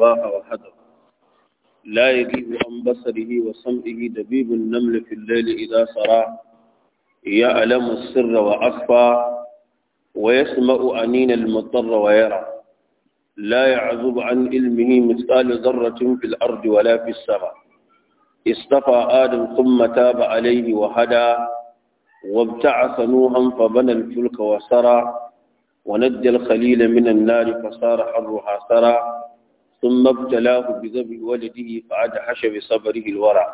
وأباح وحدر لا يجيب عن بصره وسمعه دبيب النمل في الليل إذا سرى يعلم السر وأخفى ويسمع أنين المضطر ويرى لا يعذب عن علمه مثال ذرة في الأرض ولا في السماء اصطفى آدم ثم تاب عليه وهدى وابتعث نوحا فبنى الفلك وسرى ونجى الخليل من النار فصار حرها سرى ثم ابتلاه بذبي ولده حشب بصبره الورع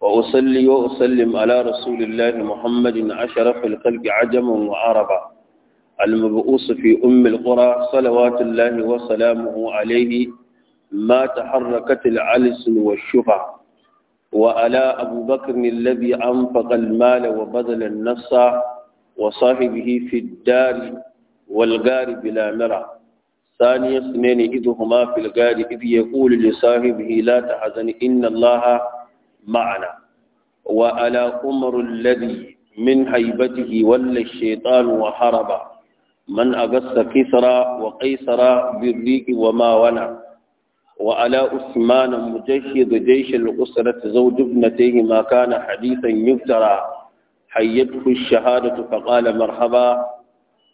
وأصلي وأسلم على رسول الله محمد أشرف الخلق عجما وعربا المبؤوس في أم القرى صلوات الله وسلامه عليه ما تحركت العلس والشفع وعلى أبو بكر الذي أنفق المال وبذل النفس وصاحبه في الدار والغار بلا مرأة ثاني اثنين إذ هما في الغار إذ يقول لصاحبه لا تحزن إن الله معنا وعلى أمر الذي من هيبته ولى الشيطان وحرب من أغس كسرى وقيصر بالريق وما ونع وعلى أثمان مجشد جيش الأسرة زوج ابنتيه ما كان حديثا يفترى حيته الشهادة فقال مرحبا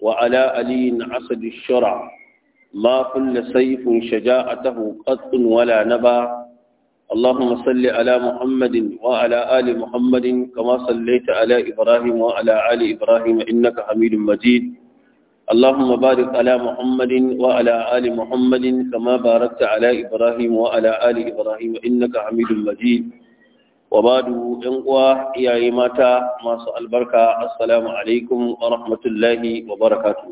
وعلى علي عصد الشرع ما كل سيف شجاعته قط ولا نبا اللهم صل على محمد وعلى آل محمد كما صليت على إبراهيم وعلى آل إبراهيم إنك حميد مجيد اللهم بارك على محمد وعلى آل محمد كما باركت على إبراهيم وعلى آل إبراهيم إنك حميد مجيد وبعد إنقوى يا إيماتا ما سأل بركة السلام عليكم ورحمة الله وبركاته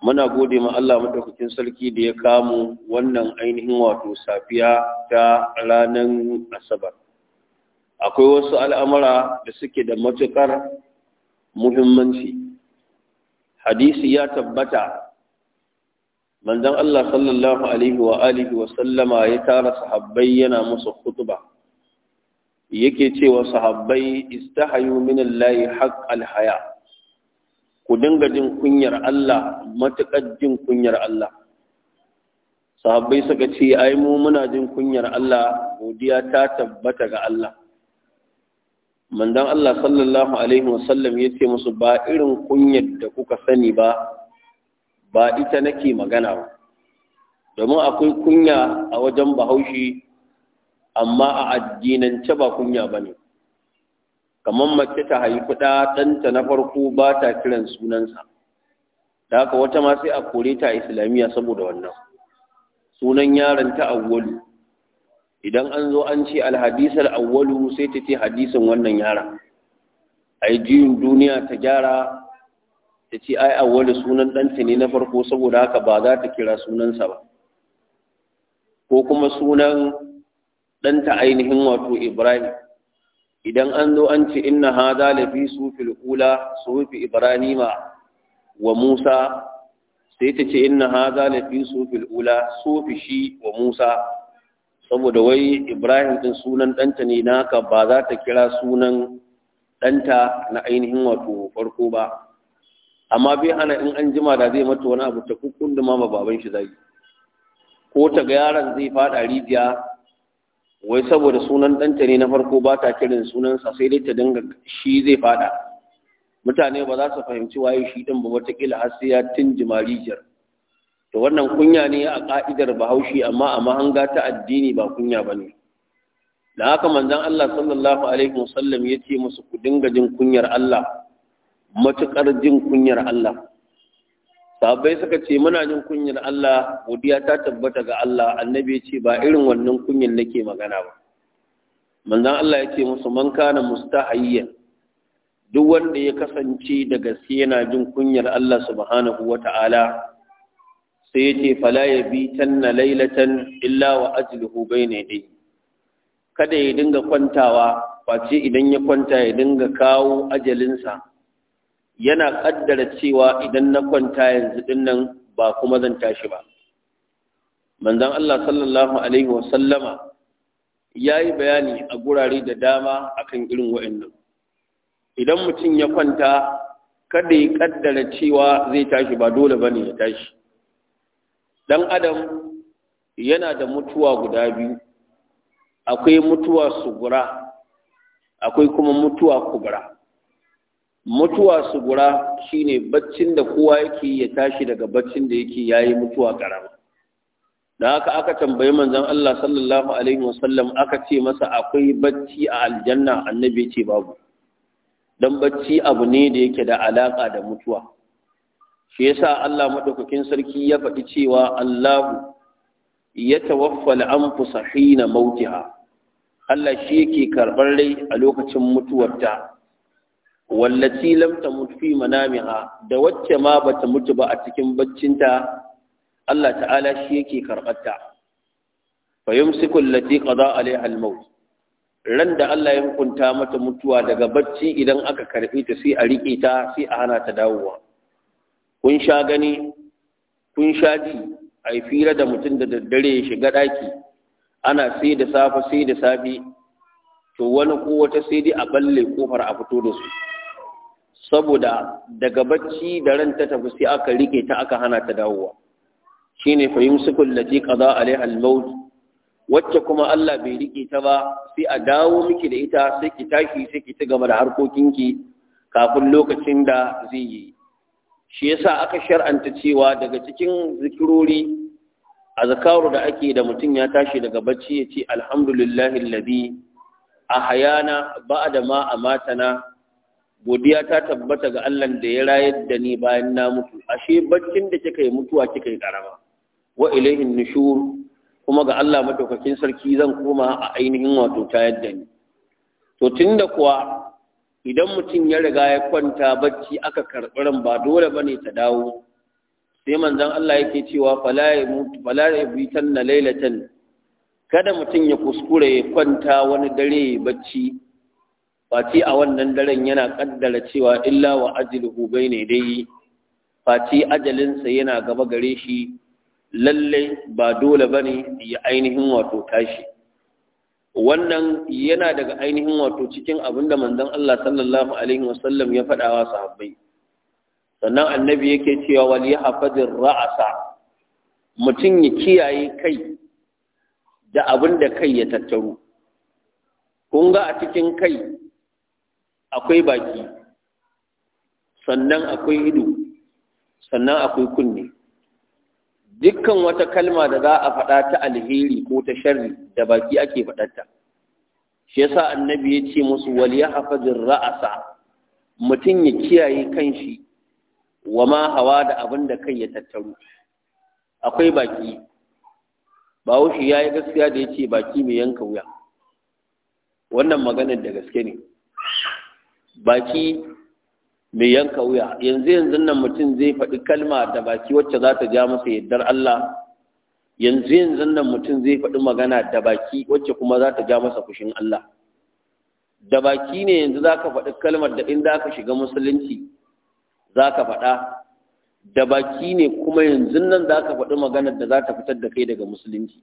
muna gode ma Allah madaukakin sarki da ya kamu wannan ainihin wato safiya ta ranar asabar akwai wasu al'amura da suke da matukar muhimmanci hadisi ya tabbata manzon Allah sallallahu alaihi wa alihi wa sallama ya tara sahabbai yana musu khutba yake cewa sahabbai istahayu min Allah haqqal haya' ku dinga jin kunyar Allah matuƙar jin kunyar Allah sahabbai suka ce ai mu muna jin kunyar Allah godiya ta tabbata ga Allah mandan Allah sallallahu alaihi wasallam ya ce musu ba irin kunyar da kuka sani ba ba ita nake magana ba domin akwai kunya a wajen bahaushe amma a addinance ba kunya ba ne kamar mace ta haifi ɗa ɗanta na farko ba ta kiran sunansa da haka wata ma sai a kore ta islamiyya saboda wannan sunan yaron ta awwalu idan an zo an ce alhadisar awwalu sai ta ce hadisin wannan yaron a yi duniya ta gyara ta ce ai awwalu sunan ɗanta ne na farko saboda haka ba za ta kira sunansa ba ko kuma sunan ɗanta ainihin wato ibrahim idan an zo an ce inna hada fi sufil ula sufi ibrahima wa musa sai ta ce inna hada fi sufil ula sufi shi wa musa saboda wai ibrahim ɗin sunan ɗanta ne naka ba za ta kira sunan ɗanta na ainihin wato farko ba amma bai hana in an jima da zai mata wani abu ta kukkun da mama baban shi zai ko ta ga yaron zai fada rijiya wai saboda sunan ɗanta ne na farko ba ta kirin sunansa sai dai ta dinga shi zai fada mutane ba za su fahimci waye shi ɗin ba watakila har sai ya tunjima rijiyar to wannan kunya ne a ƙa'idar bahaushe amma a mahanga ta addini ba kunya ba ne da haka manzon Allah sallallahu alaihi wasallam ya ce musu ku dinga jin kunyar Allah matuƙar jin kunyar Allah sahabbai suka ce muna jin kunyar Allah godiya ta tabbata ga Allah annabi ce ba irin wannan kunyar nake magana ba manzon Allah ya ce musu man kana mustahiyyan duk wanda ya kasance da gaske yana jin kunyar Allah subhanahu wata'ala sai ya fala ya bi tanna lailatan illa wa ajluhu bayna yadayhi kada ya dinga kwantawa face idan ya kwanta ya dinga kawo ajalinsa yana kaddara cewa idan na kwanta yanzu dinnan ba kuma zan tashi ba manzon Allah sallallahu alaihi wasallama yayi bayani a gurare da dama akan irin wa'annan idan mutum ya kwanta kada ya kaddara cewa zai tashi ba dole bane ya tashi dan adam yana da mutuwa guda biyu akwai mutuwa sugura akwai kuma mutuwa kubura mutuwa su gura shine baccin da kowa yake ya tashi daga baccin da yake yayi mutuwa karama da haka aka tambayi manzon Allah sallallahu alaihi wasallam aka ce masa akwai bacci a aljanna annabi ce babu Don bacci abu ne da yake da alaƙa da mutuwa shi yasa Allah madaukakin sarki ya faɗi cewa Allah ya tawaffa al-anfusa hina mautiha Allah shi yake karɓar rai a lokacin mutuwarta wallaci lam mutu fi manamiha da wacce ma bata mutu ba a cikin baccinta Allah ta'ala shi yake karɓarta fa yumsiku allati qada alaiha almaut ran da Allah ya hukunta mata mutuwa daga bacci idan aka karɓi ta sai a rike ta sai a hana ta dawowa kun sha gani kun sha ji ai fira da mutum da daddare ya shiga daki, ana sai da safe sai da safe to wani ko wata sai dai a balle kofar a fito da su saboda daga bacci da ran ta tafi sai aka rike ta aka hana ta dawowa shine fa yumsiku allati qada alaiha al-maut wacce kuma Allah bai rike ta ba sai a dawo miki da ita sai ki tashi sai ki ci gaba da harkokinki kafin lokacin da zai yi shi yasa aka shar'anta cewa daga cikin zikirori azkaru da ake da mutum ya tashi daga bacci ya ce alhamdulillahi alladhi ahayana ba'da ma amatana godiya ta tabbata ga Allah da ya rayar da ni bayan na mutu ashe baccin da kika yi mutuwa kika yi karama wa ilaihin nushur kuma ga Allah madaukakin sarki zan koma a ainihin wato ta yadda ni to tunda kuwa idan mutum ya riga ya kwanta barci aka karɓi ran ba dole bane ta dawo sai manzon Allah yake cewa fala ya mutu fala ya bitan lailatan kada mutum ya kuskure ya kwanta wani dare barci. fati a wannan daren yana ƙaddara cewa illa wa ajiluhu ne dai fati ajalinsa yana gaba gare shi lallai ba dole bane ya ainihin wato tashi wannan yana daga ainihin wato cikin abinda manzon Allah sallallahu alaihi wasallam ya faɗa wa sahabbai sannan annabi yake cewa wal yahfadir ra'asa mutum ya kiyaye kai da abinda kai ya tattaru. kun ga a cikin kai akwai baki sannan akwai ido sannan akwai kunne dukkan wata kalma da za a faɗa ta alheri ko ta sharri da baki ake faɗarta shi yasa annabi ya ce musu wal yahfazir ra'asa mutum ya kiyaye kanshi wa ma hawa da abinda kai ya tattaru akwai baki bahaushe ya yi gaskiya da yace baki mai yanka wuya wannan maganar da gaske ne baki mai yanka wuya yanzu yanzu nan mutum zai faɗi kalma da baki wacce za ta ja masa yardar Allah yanzu yanzu nan mutum zai faɗi magana da baki wacce kuma za ta ja masa fushin Allah da baki ne yanzu za ka faɗi kalmar da in za ka shiga musulunci za ka faɗa da baki ne kuma yanzu nan za ka faɗi maganar da za ta fitar da kai daga musulunci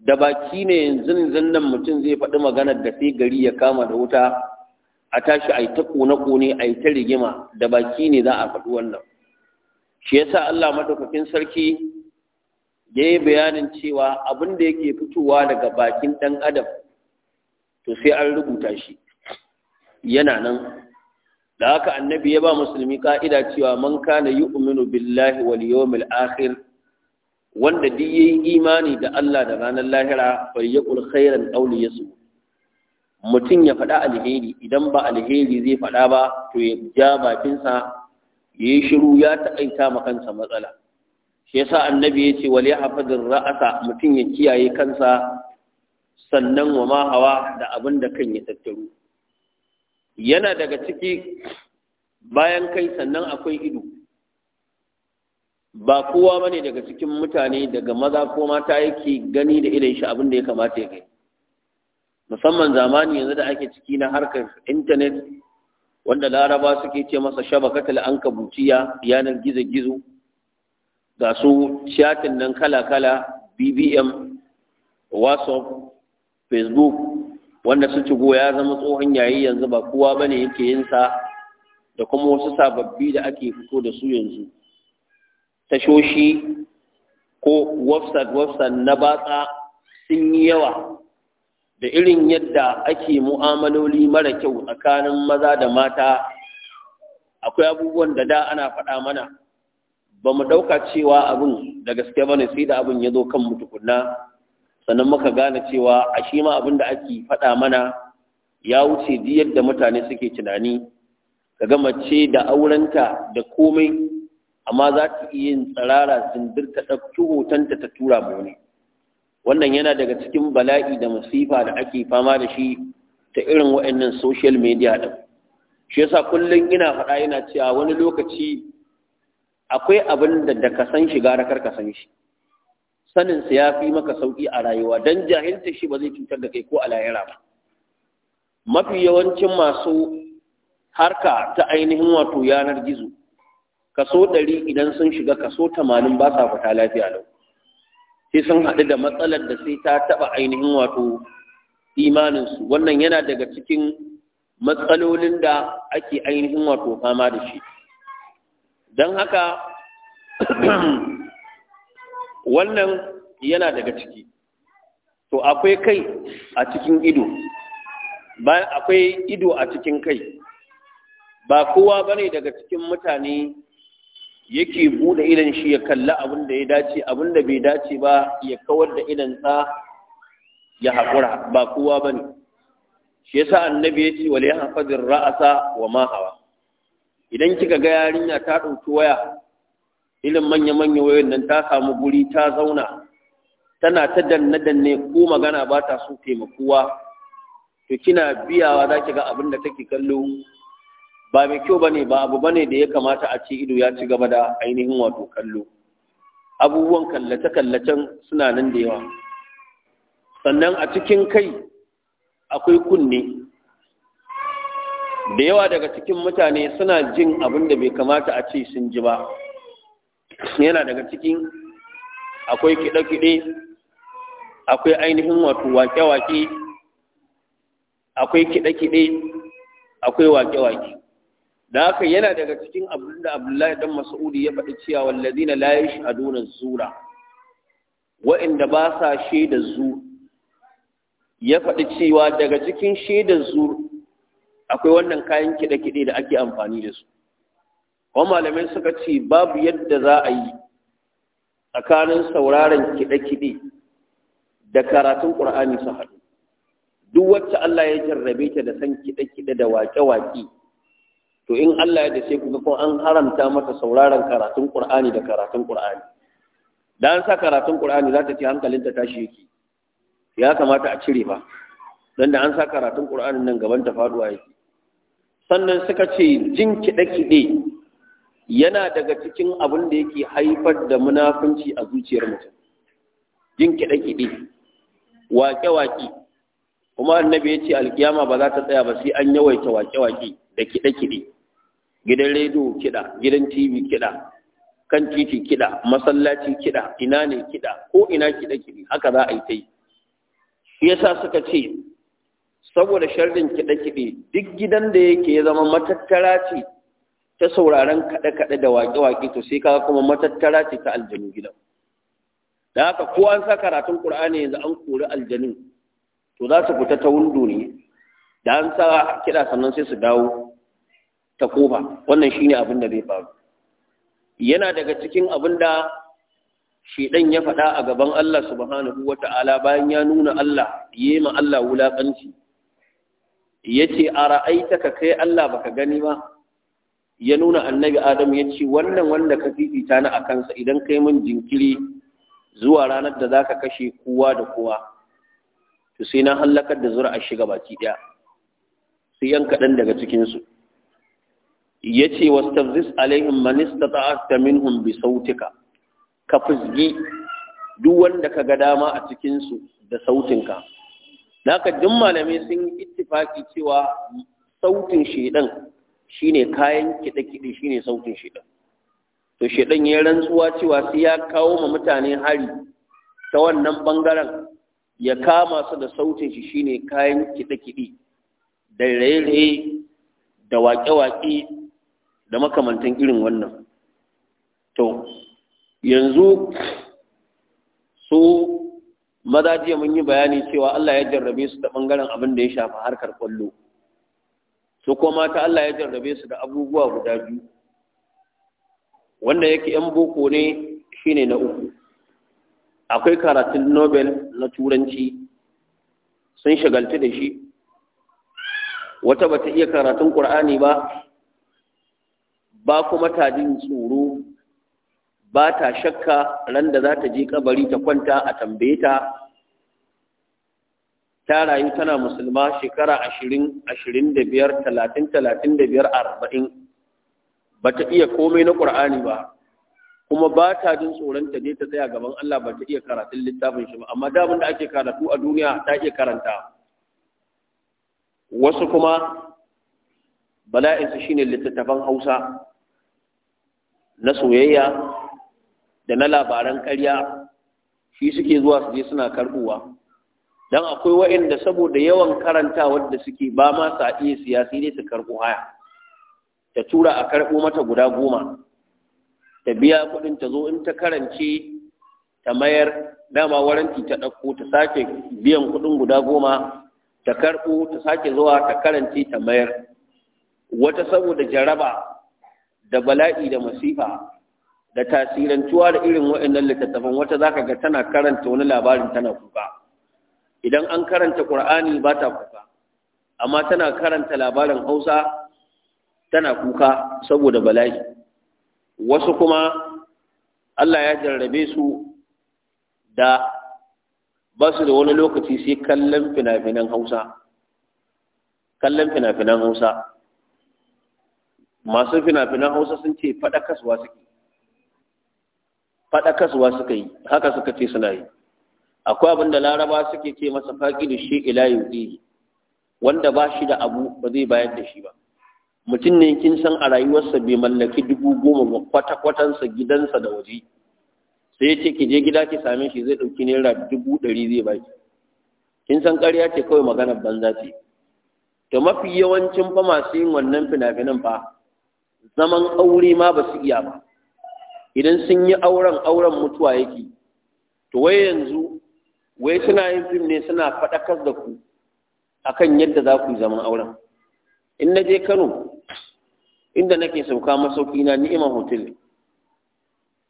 da baki ne yanzu yanzu nan mutum zai faɗi maganar da sai gari ya kama da wuta a tashi a yi ta ƙone-ƙone a yi ta rigima da baki ne za a faɗi wannan shi yasa Allah madaukakin sarki ya yi bayanin cewa abin da yake fitowa daga bakin ɗan adam to sai an rubuta shi yana nan da haka annabi ya ba musulmi ka'ida cewa man kana yu'minu billahi wal yawmil akhir wanda duk yayi imani da Allah da ranar lahira falyakul khairan qawli yasu mutum ya faɗa alheri idan ba alheri zai faɗa ba to ya ja bakinsa ya yi shiru ya taƙaita ma kansa matsala shi yasa annabi ya ce wal yahfadir ra'asa mutum ya kiyaye kansa sannan wa ma hawa da abin da kan ya tattaru yana daga ciki bayan kai sannan akwai ido ba kowa ne daga cikin mutane daga maza ko mata yake gani da irin shi abin da ya kamata ya kai musamman zamani yanzu da ake ciki na harkar intanet wanda laraba suke ce masa shabakatul ankabutiya yanar gizo-gizo ga su chatin nan kala-kala bbm whatsapp facebook wanda su cigo ya zama tsohon yayi yanzu ba kowa bane yake yin sa da kuma wasu sababbi da ake fito da su yanzu tashoshi ko website website na batsa sun yi yawa da irin yadda ake mu'amaloli mara kyau tsakanin maza da mata akwai abubuwan da da ana faɗa mana ba mu ɗauka cewa abin da gaske ba ne sai da abin ya zo kan mu tukunna sannan muka gane cewa a shi ma abin da ake faɗa mana ya wuce duk yadda mutane suke tunani ka gama ce da aurenta da komai amma za ta iya yin tsirara zindir ta ɗauki hotonta ta tura mu wannan yana daga cikin bala'i da masifa da ake fama da shi ta irin waɗannan social media ɗin shi yasa kullum ina faɗa yana cewa wani lokaci akwai abin da da ka san shi gara kar ka san shi sanin sa ya fi maka sauki a rayuwa dan jahilta shi ba zai cutar da kai ko a lahira ba mafi yawancin masu harka ta ainihin wato yanar gizo kaso ɗari idan sun shiga kaso tamanin ba sa fita lafiya lau sai sun haɗu da matsalar da sai ta taɓa ainihin wato imaninsu wannan yana daga cikin matsalolin da ake ainihin wato fama da shi don haka wannan yana daga ciki to akwai kai a cikin ido akwai ido a cikin kai ba kowa bane daga cikin mutane yake bude idan shi ya kalla abin da ya dace abin da bai dace ba ya kawar da idan sa ya haƙura ba kowa ba ne shi yasa annabi ya ce wale hafazin ra'asa wa ma hawa idan kika ga yarinya ta ɗauki waya irin manya-manya wayoyin nan ta samu guri ta zauna tana ta danne-danne ko magana ba ta so taimakowa to kina biyawa za ki ga abin da take kallo ba mai kyau ba ne ba abu ba ne da ya kamata a ci ido ya ci gaba da ainihin wato kallo abubuwan kallace-kallacen suna nan da yawa sannan a cikin kai akwai kunne da yawa daga cikin mutane suna jin abin da bai kamata a ce sun ji ba yana daga cikin akwai kiɗe-kiɗe akwai ainihin wato wake-wake akwai kiɗe-kiɗe akwai wake-wake da haka yana daga cikin abin da abdullahi dan mas'udi ya faɗi cewa wallazina la yashhaduna zura wa'inda ba sa shaida zu ya faɗi cewa daga cikin shaidar zu akwai wannan kayan kiɗe-kiɗe da ake amfani da su wani malamai suka ce babu yadda za a yi tsakanin sauraron kide kide da karatun ƙur'ani su duk wacce Allah ya jarrabe ta da san kiɗe-kiɗe da waƙe-waƙe to in Allah ya dace ku ga ko an haramta mata sauraron karatun Qur'ani da karatun Qur'ani dan sa karatun Qur'ani za ta hankalin hankalinta tashi yake ya kamata a cire ba dan da an sa karatun Qur'anin nan gaban ta faduwa yake sannan suka ce jin kiɗe-kiɗe yana daga cikin abin da yake haifar da munafunci a zuciyar mutum jin kiɗe-kiɗe waƙe-waƙe kuma annabi ya ce alkiyama ba za ta tsaya ba sai an yawaita waƙe-waƙe da kiɗe-kiɗe gidan rediyo kiɗa gidan tv kiɗa kan titi kiɗa masallaci kiɗa ina ne kiɗa ko ina kiɗa kiɗi haka za a yi ta yi shi yasa suka ce saboda sharrin kiɗe kiɗe duk gidan da yake ya zama matattara ce ta sauraron kaɗe-kaɗe da waƙe-waƙe to sai kaga kuma matattara ce ta aljanu gidan da haka ko an sa karatun ƙur'ani yanzu an kori aljanun to za su fita ta windo ne da an sa kiɗa sannan sai su dawo ta koba wannan shine abin da zai faru yana daga cikin abin da shedan ya faɗa a gaban Allah subhanahu Ta'ala bayan ya nuna Allah yema Allah wulakanci yace ara'aitaka kai Allah baka gani ba ya nuna annabi Adam ce wannan wanda ka fifita ni akan sa idan kai mun jinkiri zuwa ranar da zaka kashe kowa da kowa to sai na hallakar da zura a shiga baki ɗaya. sai yanka kaɗan daga cikinsu yace wastafzis alaihim man istata'ta minhum bi sautika ka fizgi duk wanda ka ga dama a cikin su da sautinka naka duk malamai sun yi ittifaki cewa sautin shedan shine kayan kiɗe-kiɗe shine sautin shedan to shedan ya rantsuwa cewa sai ya kawo ma mutane hari ta wannan bangaren ya kama su da sautin shi shine kayan kiɗe-kiɗe da raye-raye da waƙe-waƙe da makamantan irin wannan to yanzu su maza jiya mun yi bayani cewa Allah ya jarrabe su da ɓangaren abin da ya shafa harkar kwallo su kuma mata Allah ya jarrabe su da abubuwa guda biyu wanda yake yan boko ne shi ne na uku akwai karatun nobel na turanci sun shagaltu da shi wata bata iya karatun ƙur'ani ba ba kuma ta jin tsoro ba ta shakka ran da za ta je kabari ta kwanta a tambaye ta ta rayu tana musulma shekara ashirin ashirin da biyar talatin talatin da biyar arba'in ba ta iya komai na ƙur'ani ba kuma ba ta jin tsoron ta je ta tsaya gaban Allah ba ta iya karatun littafin shi ba amma da da ake karatu a duniya ta iya karanta wasu kuma bala'insu shine littattafan Hausa na soyayya da na labaran ƙarya shi suke zuwa su je suna karbuwa don akwai waɗanda saboda yawan karanta wadda suke ba ma sa iya siyasi ne su karɓo haya ta tura a karɓo mata guda goma ta biya kuɗin ta zo in ta karance ta mayar dama waranti ta ɗauko ta sake biyan kuɗin guda goma ta karɓo ta sake zuwa ta karance ta mayar wata saboda jaraba da bala'i da masifa da tasirantuwa da irin waɗannan littattafan wata zaka ga tana karanta wani labarin tana kuka idan an karanta qur'ani ba ta kuka amma tana karanta labarin hausa tana kuka saboda bala'i wasu kuma allah ya jarrabe su da ba su da wani lokaci sai kallon fina-finan hausa kallon fina-finan hausa masu fina-finan hausa sun ce faɗakaswa suka yi haka suka ce suna yi akwai abin da laraba suke ce masa faƙi da shi ilayin ɗiri wanda ba shi da abu ba zai bayar da shi ba mutum ne kin san a rayuwarsa bai mallaki dubu goma ba kwata-kwatansa gidansa da waje sai ce ki je gida ki same shi zai ɗauki naira dubu ɗari zai baki kin san ƙarya ce kawai maganar banza ce to mafi yawancin fa masu yin wannan fina-finan fa zaman aure ma ba su iya ba idan sun yi auren auren mutuwa yake to wai yanzu wai suna yin fim ne suna faɗakar da ku akan yadda za ku yi zaman auren in na je kano inda nake sauka masauki na ni'imar hotel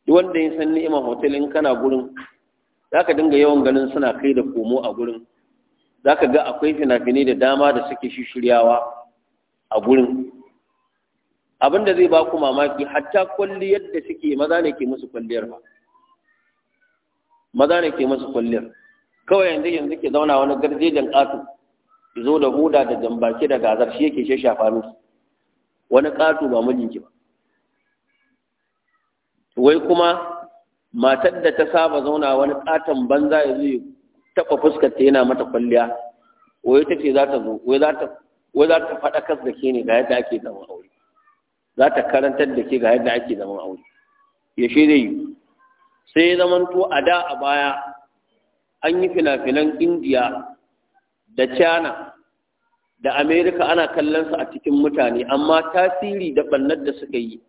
duk wanda ya san ni'imar hotel in kana gurin za ka dinga yawan ganin suna kai da komo a gurin za ka ga akwai fina-finai da dama da suke shishiryawa a gurin abin da zai ba ku mamaki hatta kulli yadda suke maza ne ke musu kwalliyar ba maza ne ke musu kulliyar kawai yanzu yanzu ke zauna wani garjejen ƙato ki zo da huda da jambaki da gazar shi yake shashafa musu wani ƙato ba mijinki ba wai kuma matar da ta saba zauna wani ƙaton banza ya zo taɓa fuskar ta yana mata kwalliya wai ta ce za ta zo wai za ta faɗa kas da ke ne ga yadda ake zama aure za ta karantar da ke ga yadda ake zaman aure ya shi zai yi sai zaman to a da a baya an yi fina-finan indiya da china da amerika ana kallon a cikin mutane amma tasiri da ɓannar da suka yi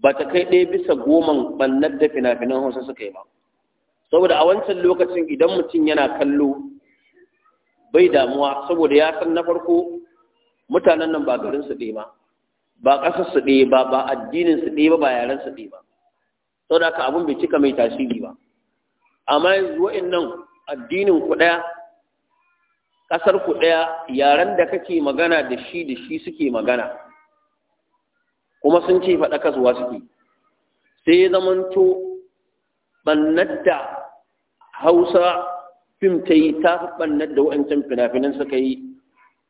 ba ta kai ɗaya bisa goman ɓannar da fina-finan hausa suka yi ba saboda a wancan lokacin idan mutum yana kallo bai damuwa saboda ya san na farko mutanen nan ba garinsu ɗaya ba ba ƙasar su ɗaya ba ba addinin su ɗaya ba ba yaren su ɗaya ba sau da haka abin bai cika mai tasiri ba amma yanzu nan addinin ku ɗaya ƙasar ku ɗaya yaren da kake magana da shi da shi suke magana kuma sun ce faɗa kasuwa suke sai ya zamanto ɓannar da hausa fim ta yi ta da wa'ancan fina-finan suka yi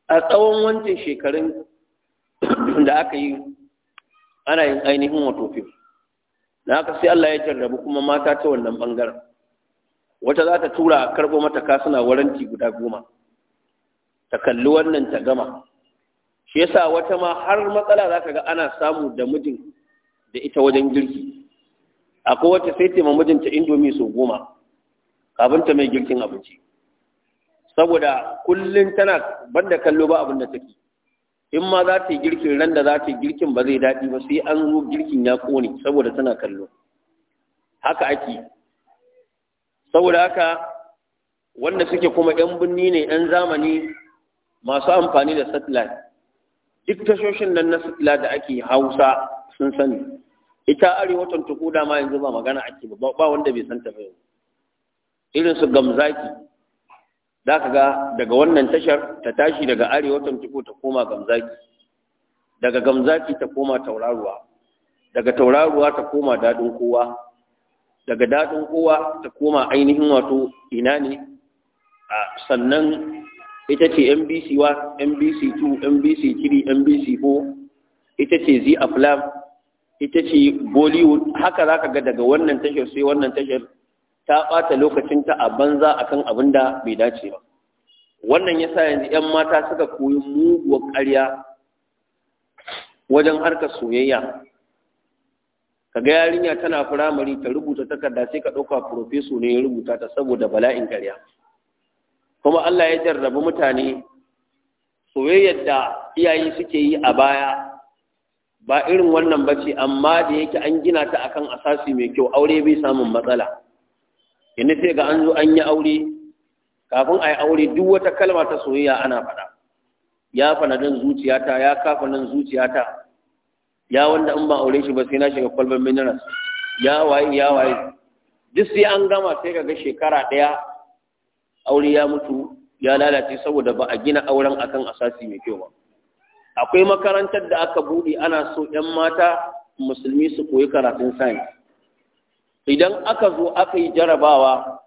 a tsawon wancan shekarun da aka yi ana yin ainihin wato fim na haka sai Allah ya jarrabu kuma mata ta wannan bangaren wata za ta tura a karɓo mata kasuna waranti guda goma ta kalli wannan ta gama shi yasa wata ma har matsala za ka ga ana samu da mijin da ita wajen girki akwai wata sai ta mijinta indomi sau goma kafin ta mai girkin abinci saboda kullum tana banda kallo ba abin da take in ma za ta yi girkin ran da za ta yi girkin ba zai daɗi ba sai an zo girkin ya kone, saboda tana kallo haka ake saboda haka wanda suke kuma 'yan binni ne 'yan zamani masu amfani da satellite duk tashoshin nan na satellite da ake hausa sun sani ita arewatan tukuda ma yanzu ba magana ake ba ba wanda bai santa ba irin su gamzaki za ka ga daga wannan tashar ta tashi daga arewa tuko ta koma gamzaki daga gamzaki ta koma tauraruwa daga tauraruwa ta koma daɗin kowa daga daɗin kowa ta koma ainihin wato ina ne a sannan ita ce mbc 1 mbc 2 mbc 3 mbc 4 ita ce zee aflam ita ce bollywood haka za ka ga daga wannan tashar sai wannan tashar ta ɓata lokacinta a banza akan abin da bai dace ba wannan ya sa yanzu 'yan mata suka koyi muguwar ƙarya wajen harkar soyayya ka ga yarinya tana firamare ta rubuta takarda sai ka ɗauka profeso ne ya rubuta ta saboda bala'in ƙarya kuma Allah ya jarrabi mutane soyayyar da iyaye suke yi a baya ba irin wannan ba ce amma da yake an gina ta akan asasi mai kyau aure bai samun matsala inda ga an zo an yi aure kafin a yi aure duk wata kalma ta soyayya ana faɗa ya nan zuciyata ya kafa nan zuciyata ya wanda in ba aure shi ba sai na shiga kwalban minerals ya waye ya waye duk sai an gama sai ga shekara ɗaya aure ya mutu ya lalace saboda ba a gina auren akan asasi mai kyau ba akwai makarantar da aka buɗe ana so 'yan mata musulmi su koyi karatun science idan aka zo aka yi jarabawa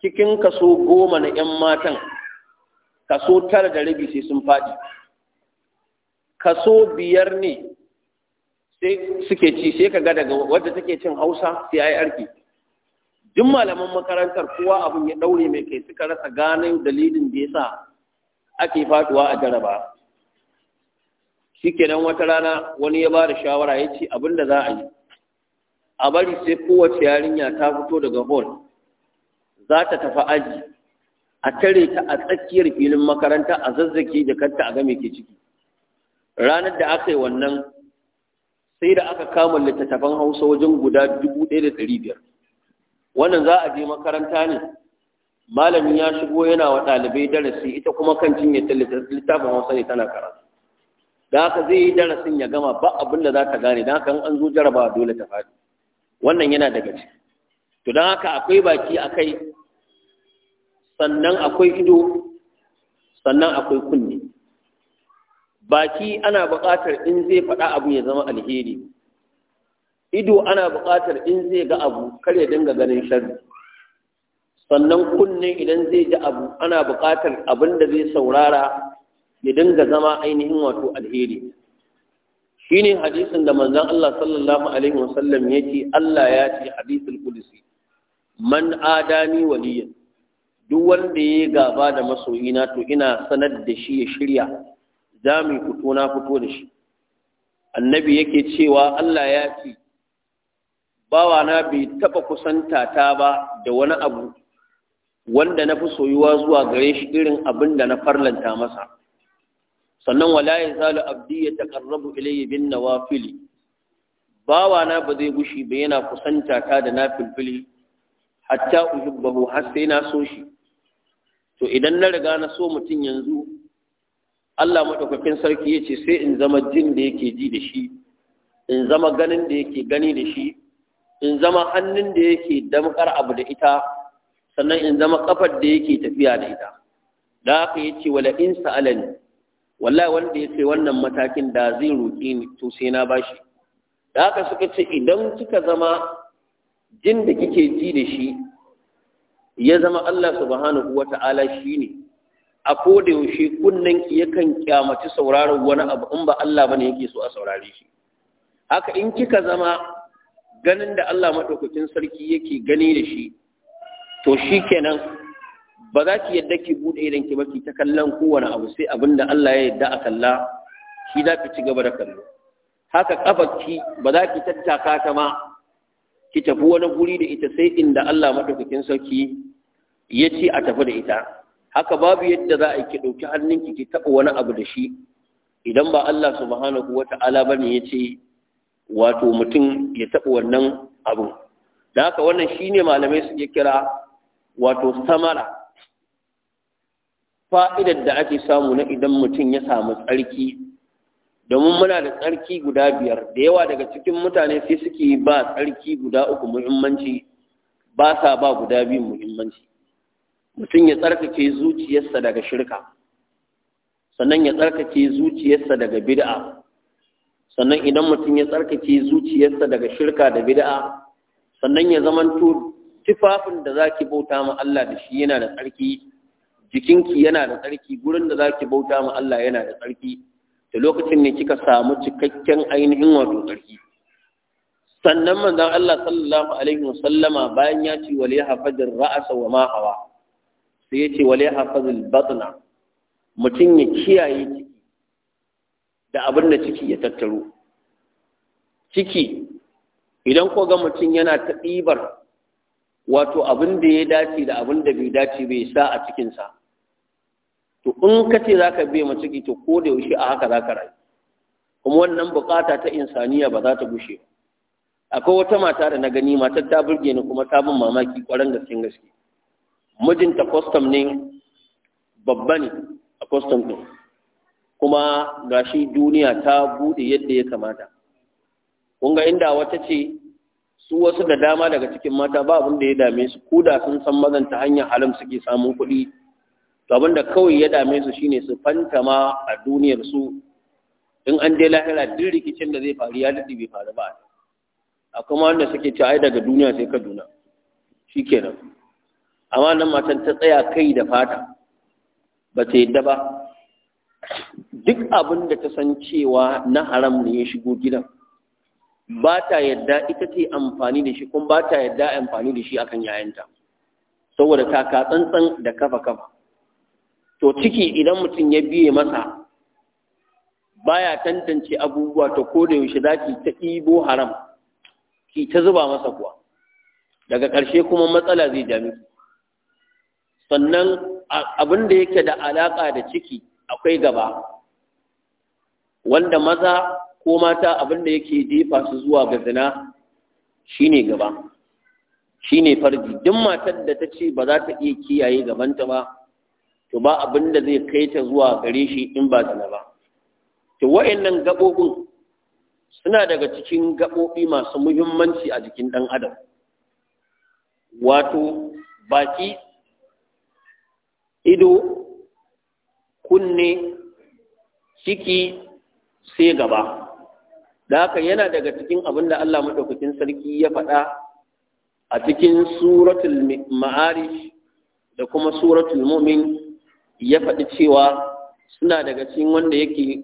cikin kaso goma na 'yan matan kaso tara da rabi sai sun faɗi kaso biyar ne sai suke ci sai ka ga daga wadda take cin hausa sai yi arki duk malaman makarantar kowa abin ya daure mai kai suka rasa gane dalilin da ya sa ake faduwa a jaraba kenan wata rana wani ya ba da shawara ya ce abin da za a yi a bari sai kowace yarinya ta fito daga hall za ta tafi aji a tare ta a tsakiyar filin makaranta a zazzake da kanta a game ke ciki ranar da aka yi wannan sai da aka kama littattafan hausa wajen guda dubu ɗaya wannan za a je makaranta ne malamin ya shigo yana wa ɗalibai darasi ita kuma kan cinye littafin hausa ne tana karatu da haka zai yi darasin ya gama ba abin da za ta gane da haka an zo jarabawa dole ta faɗi wannan yana daga ci to don haka akwai baki akai sannan akwai ido sannan akwai kunne baki ana buƙatar in zai faɗa abu ya zama alheri ido ana buƙatar in zai ga abu kar ya dinga ganin sharri sannan kunne idan zai ji abu ana buƙatar abin da zai saurara ya dinga zama ainihin wato alheri shine hadisin da manzon Allah sallallahu alaihi wasallam yake Allah ya ce hadisul qudsi man adani waliyan duk wanda ya gaba da masoyina to ina sanar da shi ya shirya za mu fito na fito da shi annabi yake cewa Allah ya ce bawana bai taba kusanta ta ba da wani abu wanda na fi soyuwa zuwa gare shi irin abin da na farlanta masa sannan wala ya zalu abdi ya taqarrabu ilayya bin nawafili bawa na ba zai gushi ba yana kusanta ta da nafilfili hatta uhibbahu har sai na so shi to idan na riga na so mutum yanzu Allah madaukakin sarki yace sai in zama jin da yake ji da shi in zama ganin da yake gani da shi in zama hannun da yake damkar abu da ita sannan in zama kafar da yake tafiya da ita da aka yace wala in sa'alani wallahi wanda ya ce wannan matakin da zai roƙi ni to sai na bashi da haka suka ce idan kika zama jin da kike ji da shi ya zama Allah subhanahu wata'ala ne, a koda yaushe kunnen ki yakan kyamaci sauraron wani abu in ba Allah bane yake so a saurare shi haka in kika zama ganin da Allah madaukakin sarki yake gani da shi to shikenan ba za ki yadda ki buɗe idan ki baki ta kallon kowane abu sai abin da Allah ya yadda a kalla shi za ki ci gaba da kallo haka kafarki ba za ki tattaka ta ma ki tafi wani guri da ita sai inda Allah madaukakin sarki ya ce a tafi da ita haka babu yadda za a yi ki ɗauki hannunki ki taɓa wani abu da shi idan ba Allah subhanahu ba ne ya ce wato mutum ya taɓa wannan abu da haka wannan shine malamai suke kira wato samara fa'idar da ake samu na idan mutum ya samu tsarki domin muna da tsarki guda biyar da yawa daga cikin mutane sai suke ba tsarki guda uku muhimmanci ba sa ba guda biyu muhimmanci mutum ya tsarkake zuciyarsa daga shirka sannan ya tsarkake zuciyarsa daga bid'a sannan idan mutum ya tsarkake zuciyarsa daga shirka da bid'a sannan ya zamanto tufafin da zaki bauta ma Allah da shi yana da tsarki jikinki yana da tsarki gurin da za ki bauta ma Allah yana da tsarki da lokacin ne kika samu cikakken ainihin wato tsarki sannan manzon Allah sallallahu alaihi wasallama bayan ya ce wal yahfadir ra's wa ma hawa sai ya ce wal yahfazil batna mutum ya kiyaye ciki da abin da ciki ya tattaro ciki idan ko ga mutum yana ta ɗibar wato abin da ya dace da abin da bai dace bai sa a cikinsa to in ka ce za ka biya maciki to ko da yaushe a haka za ka rayu kuma wannan bukata ta insaniya ba za ta gushe ba akwai wata mata da na gani matar ta burge ni kuma ta bin mamaki kwarin gaske gaske mijinta kwastam ne babba ne a kwastam ɗin kuma shi duniya ta buɗe yadda ya kamata kun inda wata ce su wasu da dama daga cikin mata ba abin da ya dame su ko da sun san mazan ta hanyar halin suke samun kuɗi to da kawai ya dame su shine su fantama a duniyar su in an dai lahira duk rikicin da zai faru ya daɗi bai faru ba a kuma wanda suke ci ai daga duniya sai kaduna shikenan amma nan matan ta tsaya kai da fata ba ta yadda ba duk abin da ta san cewa na haram ne ya shigo gidan ba ta yadda ita ce amfani da shi kuma ba ta yadda amfani da shi akan yayanta saboda ta, ka tsantsan da kafa kafa to ciki idan mutum ya biye masa baya tantance abubuwa ta koda yaushe za ki ta ɗibo haram ki ta zuba masa kuwa daga ƙarshe kuma matsala zai dami sannan abin da yake da alaƙa da ciki akwai gaba wanda maza ko mata abin da yake jefa su zuwa ga zina shine gaba shine farji duk matar da ta ce ba za ta iya kiyaye gabanta ba to ba abin da zai kai ta zuwa gare shi in ba da ba to wa'annan gabobin suna daga cikin gabobi masu muhimmanci a jikin ɗan adam wato baki ido kunne ciki sai gaba da haka yana daga cikin abin da Allah maɗaukakin sarki ya faɗa a cikin suratul ma'arij da kuma suratul mumin ya faɗi cewa suna daga cikin wanda yake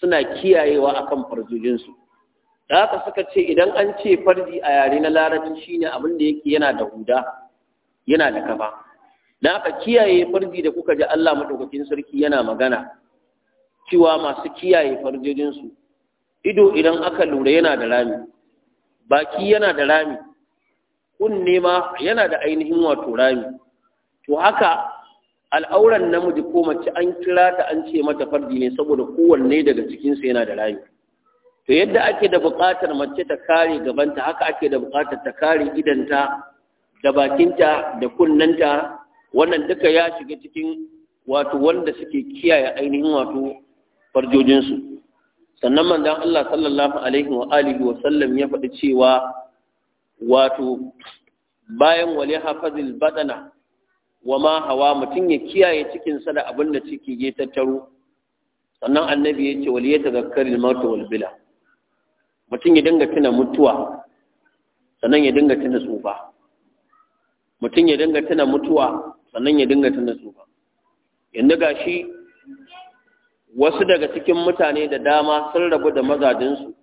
suna kiyayewa akan farjojinsu da haka suka ce idan an ce farji a yare na larabci shine abin da yake yana da huda yana da kafa da haka kiyaye farji da kuka ji Allah madaukakin sarki yana magana cewa masu kiyaye farjojinsu ido idan aka lura yana da rami baki yana da rami kunne ma yana da ainihin wato rami to haka al'auran namiji ko mace an kira ta an ce mata fardi ne saboda kowanne daga cikinsu yana da rayu to yadda ake da buƙatar mace ta kare gabanta haka ake da buƙatar ta kare idanta da bakinta da kunnanta wannan duka ya shiga cikin wato wanda suke kiyaye ainihin wato farjojinsu sannan manzon Allah sallallahu alaihi wa alihi wa sallam ya faɗi cewa wato bayan wali hafazil badana wama ma hawa mutum ya kiyaye cikinsa da abin da ciki ya tattaro sannan annabi ya ce waliyya ta zakkarin mata walbila mutum ya dinga tuna mutuwa sannan ya dinga tuna tsufa mutum ya dinga tuna mutuwa sannan ya dinga tuna tsufa yanzu ga shi wasu daga cikin mutane da dama sun rabu da mazajinsu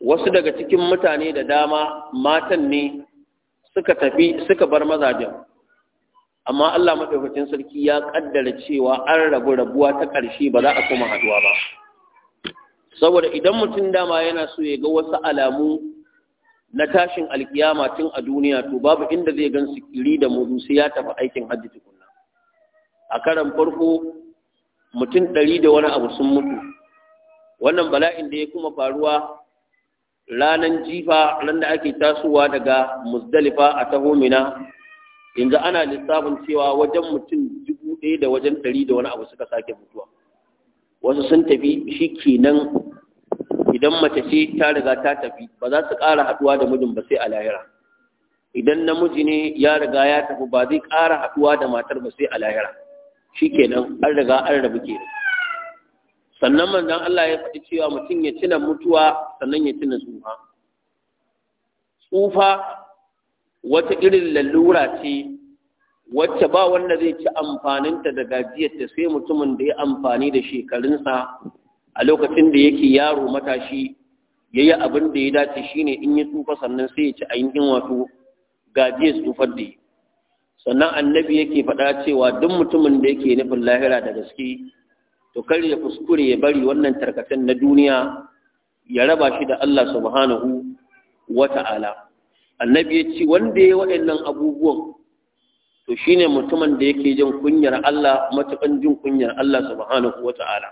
wasu daga cikin mutane da dama matan ne suka tafi suka bar mazajin amma Allah madaukakin sarki ya kaddara cewa an rabu rabuwa ta ƙarshe ba za a koma haduwa ba saboda idan mutum dama yana so ya ga wasu alamu na tashin alkiyama tun a duniya to babu inda zai gansu kiri da mudu sai ya tafi aikin hajji tukunna a karan farko mutum ɗari da wani abu sun mutu wannan bala'in da ya kuma faruwa ranar jifa ran da ake tasowa daga muzdalifa a taho mina yanzu ana lissafin cewa wajen mutum dubu ɗaya da wajen ɗari da wani abu suka sake mutuwa wasu sun tafi shi kenan idan mace ce ta riga ta tafi ba za su ƙara haɗuwa da mijin ba sai a lahira idan namiji ne ya riga ya tafi ba zai ƙara haɗuwa da matar ba sai a lahira shi kenan an riga an rabu kenan sannan manzan Allah ya faɗi cewa mutum ya cina mutuwa sannan ya cina tsufa tsufa wata irin lalura ce wacce ba wanda zai ci amfaninta da gajiyarta sai mutumin da ya amfani da shekarunsa a lokacin da yake yaro matashi ya yi abin da ya dace shine in yi tsufa sannan sai ya ci ainihin wato gajiyar tsufar da sannan annabi yake faɗa cewa duk mutumin da yake nufin lahira da gaske to kar ya kuskure ya bari wannan tarkacen na duniya ya raba shi da Allah subhanahu wa ta'ala annabi ya ce wanda ya yi waɗannan abubuwan to shi ne mutumin da yake jin kunyar Allah matukan jin kunyar Allah subhanahu ta'ala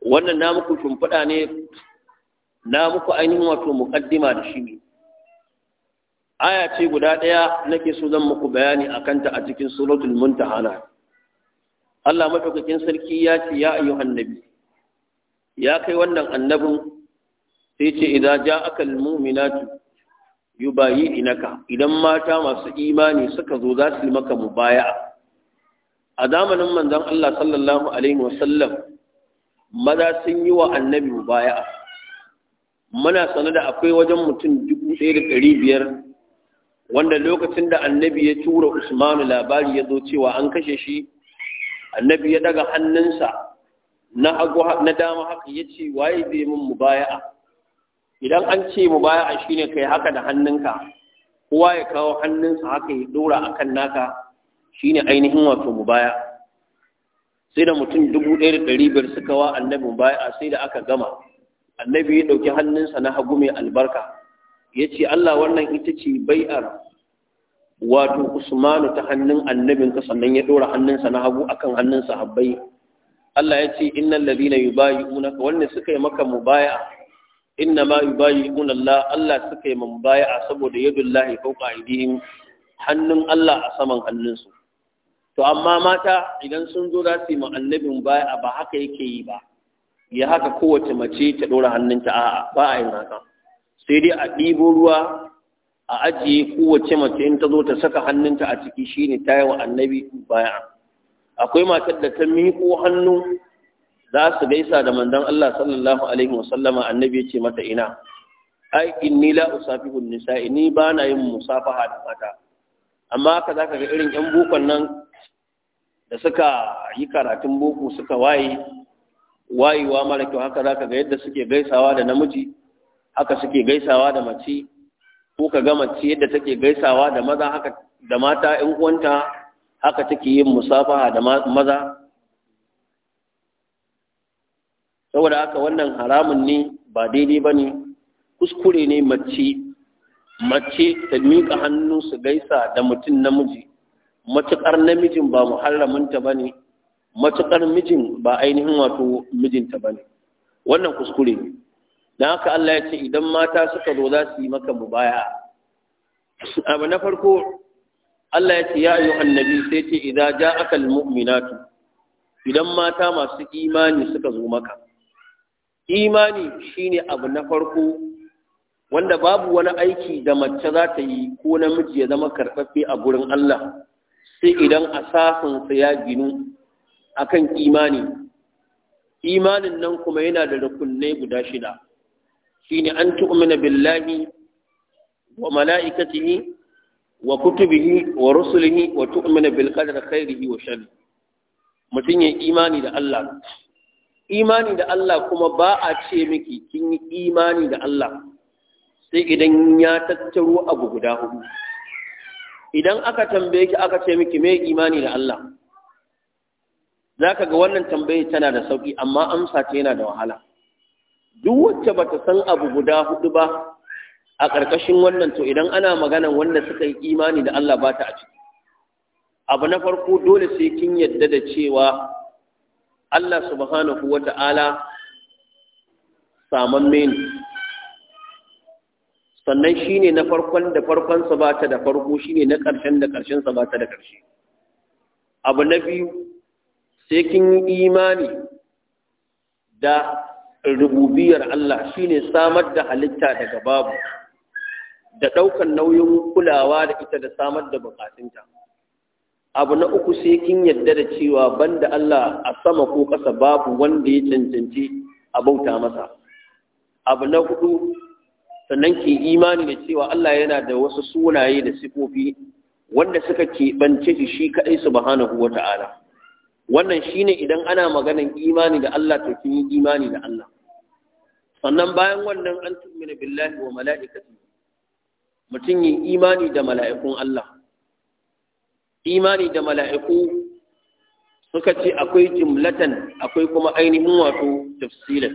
wannan na muku shimfiɗa ne na muku ainihin wato muƙaddima da shi ne. aya ce guda ɗaya nake so zan muku bayani a kanta a cikin suratul muntahana Allah matuƙaƙin sarki ya ce ya ayyu nabi ya kai wannan annabin sai ce idan ja'aka al-mu'minatu yubayi inaka idan mata masu imani suka zo za su yi maka mubaya'a a zamanin manzon Allah sallallahu alaihi wasallam maza sun yi wa annabi mubaya'a muna sanar da akwai wajen mutum dubu ɗaya da ɗari biyar wanda lokacin da annabi ya tura usmanu labari ya zo cewa an kashe shi annabi ya daga hannunsa na dama haka ya ce waye zai min mubaya'a idan an ce mu baya a shine kai haka da hannunka kowa ya kawo hannunsa haka ya dora akan naka shine ainihin wato mu baya sai da mutum dubu ɗaya da ɗari biyar suka wa annabi mu baya sai da aka gama annabi ya ɗauki hannunsa na hagu mai albarka ya ce Allah wannan ita ce bai'ar wato usmanu ta hannun annabinka sannan ya ɗora hannunsa na hagu akan hannunsa habbai Allah ya ce innal ladina yubayi'unaka wanda suka yi maka mubaya'a inna ma yubayi'una Allah Allah suka yi a saboda yadullahi fawqa aydihim hannun Allah a saman hannunsu to amma mata idan sun zo za su yi baya ba haka yake yi ba ya haka kowace mace ta ɗora hannunta a'a ba a yin haka sai dai a ɗibo ruwa a ajiye kowace mace in ta zo ta saka hannunta a ciki shine ta wa annabi baya akwai matar da ta miƙo hannu za su gaisa da mandan Allah sallallahu alaihi wasallama annabi ya ce mata ina ai inni la usafihu nisa'i ni ba na yin musafaha da mata amma haka zaka ga irin yan bukon nan da suka yi karatun boko suka waye wayewa mara kyau haka zaka ga yadda suke gaisawa da namiji haka suke gaisawa da mace ko ka ga mace yadda take gaisawa da maza haka da mata 'yan uwanta haka take yin musafaha da maza saboda haka wannan haramun ne ba daidai ba ne kuskure ne mace mace ta miƙa hannu su gaisa da mutum namiji matuƙar namijin ba muharraminta ba ne matuƙar mijin ba ainihin wato mijinta ba ne wannan kuskure ne don haka Allah ya ce idan mata suka zo za su yi maka mubaya abu na farko Allah ya ce ya yi annabi sai ce idan ja aka mu'minatu idan mata masu imani suka zo maka imani shine abu na farko wanda babu wani aiki da mace za ta yi ko namiji ya zama karɓaɓɓe a gurin Allah sai idan asasinsa ya ginu akan imani imanin nan kuma yana da rukunai guda shida shine an tu'mina billahi wa mala'ikatihi wa kutubihi wa rusulihi wa tu'mina bil qadri khairihi wa sharri mutun ya imani da Allah imani da Allah kuma ba a ce miki kin yi imani da Allah sai idan ya tattaro abu guda hudu idan aka tambaye ki aka ce miki me imani da Allah zaka ga wannan tambaye tana da sauki amma amsa ta yana da wahala duk wacce bata san abu guda hudu ba a ƙarƙashin wannan to idan ana maganar wanda suka yi imani da Allah ba ta a ciki abu na farko dole sai kin yadda da cewa Allah subhanahu wa ta'ala saman meni sannan shi ne na farkon da farkonsa ba ta da farko shi ne na ƙarshen da ƙarshensa ba ta da ƙarshe abu na biyu sai kin yi imani da rububiyar Allah shi ne samar da halitta daga babu da ɗaukar nauyin kulawa da ita da samar da buƙatunta. abu na uku sai kin yadda da cewa banda Allah a sama ko ƙasa babu wanda ya cancanci a bauta masa abu na hudu sannan ke imani da cewa Allah yana da wasu sunaye da sifofi wanda suka keɓance shi shi kaɗai subhanahu Wata'ala, ta'ala wannan shine idan ana maganan imani da Allah to kin yi imani da Allah sannan bayan wannan an tu'mina billahi wa mala'ikati mutum yi imani da mala'ikun Allah imani da mala'iku suka ce akwai jimlatan akwai kuma ainihin wato tafsilin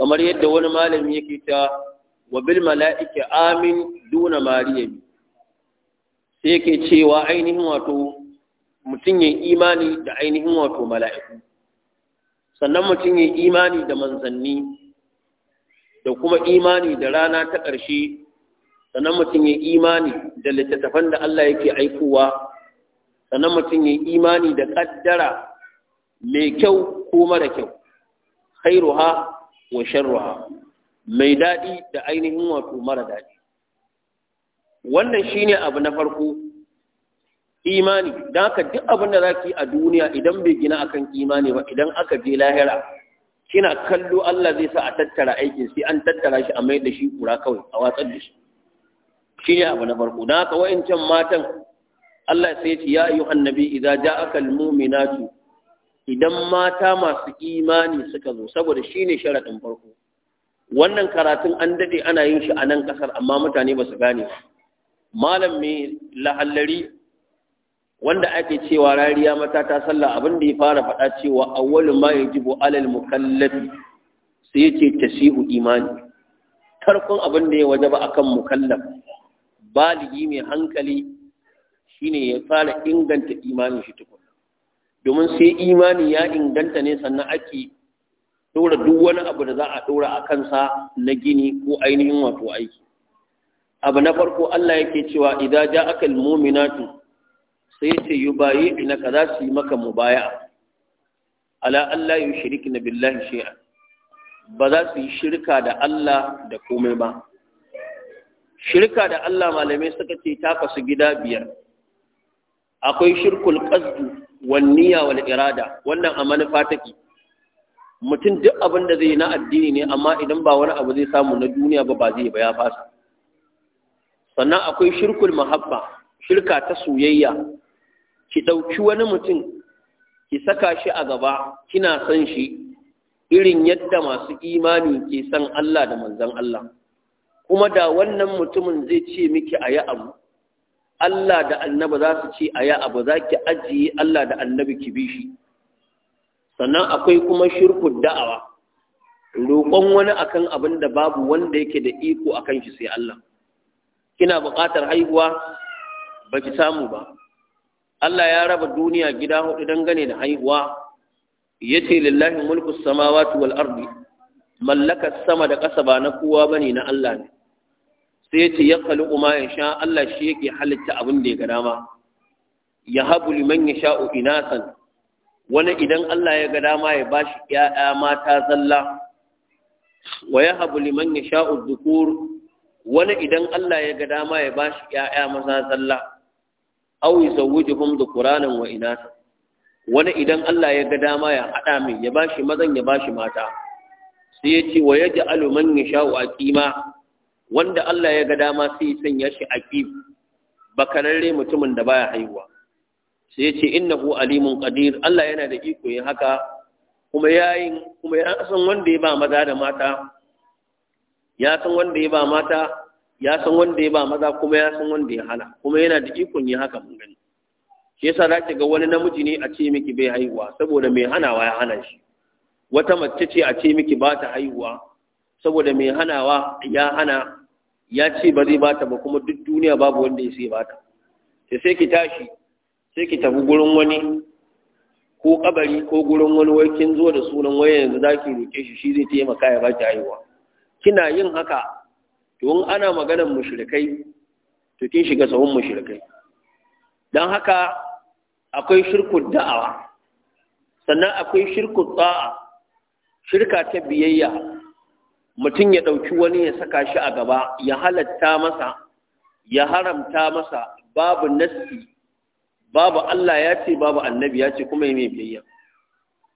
kamar yadda wani malami yake ta wa bil mala'iki amin duna mariyami sai yake cewa ainihin wato mutum yin imani da ainihin wato mala'iku sannan mutum yin imani da manzanni da kuma imani da rana ta ƙarshe sannan mutum yin imani da littattafan da Allah yake aikowa sannan mutum yi imani da ƙaddara mai kyau ko mara kyau khairuha wa ruha mai daɗi da ainihin wato mara daɗi wannan shine abu na farko imani don haka duk abin da za ki a duniya idan bai gina akan imani ba idan aka je lahira kina kallo Allah zai sa a tattara aikin sai an tattara shi a mai da shi kura kawai a watsar da shi shi ne abu na farko don haka wa'incan matan Allah sai ce ya ayyuhan nabi idza ja'aka muminatu idan mata masu imani suka zo saboda shine sharadin farko wannan karatun an dade ana yin shi a nan kasar amma mutane ba su gane ba malam mai lahallari wanda ake cewa rariya mata ta sallah abin da ya fara faɗa cewa awwalu ma yajibu alal mukallafi sai yace tasihu imani farkon abin da ya wajaba akan mukallaf baligi mai hankali shine ya fara inganta imanin shi tukuna domin sai imani ya inganta ne sannan ake ɗora duk wani abu da za a ɗora a kansa na gini ko ainihin wato aiki abu na farko Allah yake cewa idza ja'aka almu'minatu sai ce ina ka za su yi maka mubaya'a ala Allah yushrikna billahi shay'an ba za su yi shirka da Allah da komai ba shirka da Allah malamai suka ce ta kasu gida biyar akwai shirkul qasdu wan niyya wal irada wannan a manufa take mutum duk abin da zai na addini ne amma idan ba wani abu zai samu na duniya ba ba zai ba ya fasa sannan akwai shirkul mahabba shirka ta soyayya ki ɗauki wani mutum ki saka shi a gaba kina son shi irin yadda masu imani ke son Allah da manzon Allah kuma da wannan mutumin zai ce miki a yi abu Allah da annaba za su ce a ya abu za ki ajiye Allah da annabi ki bi shi sannan akwai kuma shirkun da'awa roƙon wani akan abin da babu wanda yake da iko akan shi sai Allah kina buƙatar haihuwa ba ki samu ba Allah ya raba duniya gida hudu gane da haihuwa Ya ce, lillahi mulkus samawati wal ardi mallakar sama da ƙasa ba na kowa bane na Allah ne sai ce ya khaluqu ya sha Allah shi yake halitta abin da ya gada ma ya habu liman yasha'u san. wani idan Allah ya ga dama ya bashi ƴaƴa mata zalla wa ya habu liman yasha'u dhukur wani idan Allah ya ga dama ya bashi ƴaƴa maza zalla aw yuzawwijuhum dhukuranan wa inasan wani idan Allah ya ga dama ya hada mai ya bashi mazan ya bashi mata sai ya ce wa yaj'alu man aluman aqima a kima wanda Allah ya ga dama sai ya sanya shi aqib bakararre mutumin da baya haihuwa sai ya ce innahu alimun qadir Allah yana da iko yin haka kuma yayin kuma ya san wanda ya ba maza da mata ya san wanda ya ba mata ya san wanda ya ba maza kuma ya san wanda ya hana kuma yana da ikon yin haka mun gani shi yasa zaki ga wani namiji ne a ce miki bai haihuwa saboda mai hanawa ya hana shi wata mace ce a ce miki ba ta haihuwa saboda mai hanawa ya hana ya ce ba zai bata ba kuma duk duniya babu wanda ya sai bata sai sai ki tashi sai ki tafi gurin wani ko kabari ko gurin wani wai kin zo da sunan waya yanzu za ki roƙe shi shi zai taimaka ya baki haihuwa kina yin haka to in ana maganar mushrikai to kin shiga sahun mushrikai dan haka akwai shirku da'awa sannan akwai shirku tsa'a shirka ta biyayya mutum ya ɗauki wani ya saka shi a gaba ya halatta masa ya haramta masa babu nassi babu Allah ya ce babu annabi ya ce kuma mai biyayya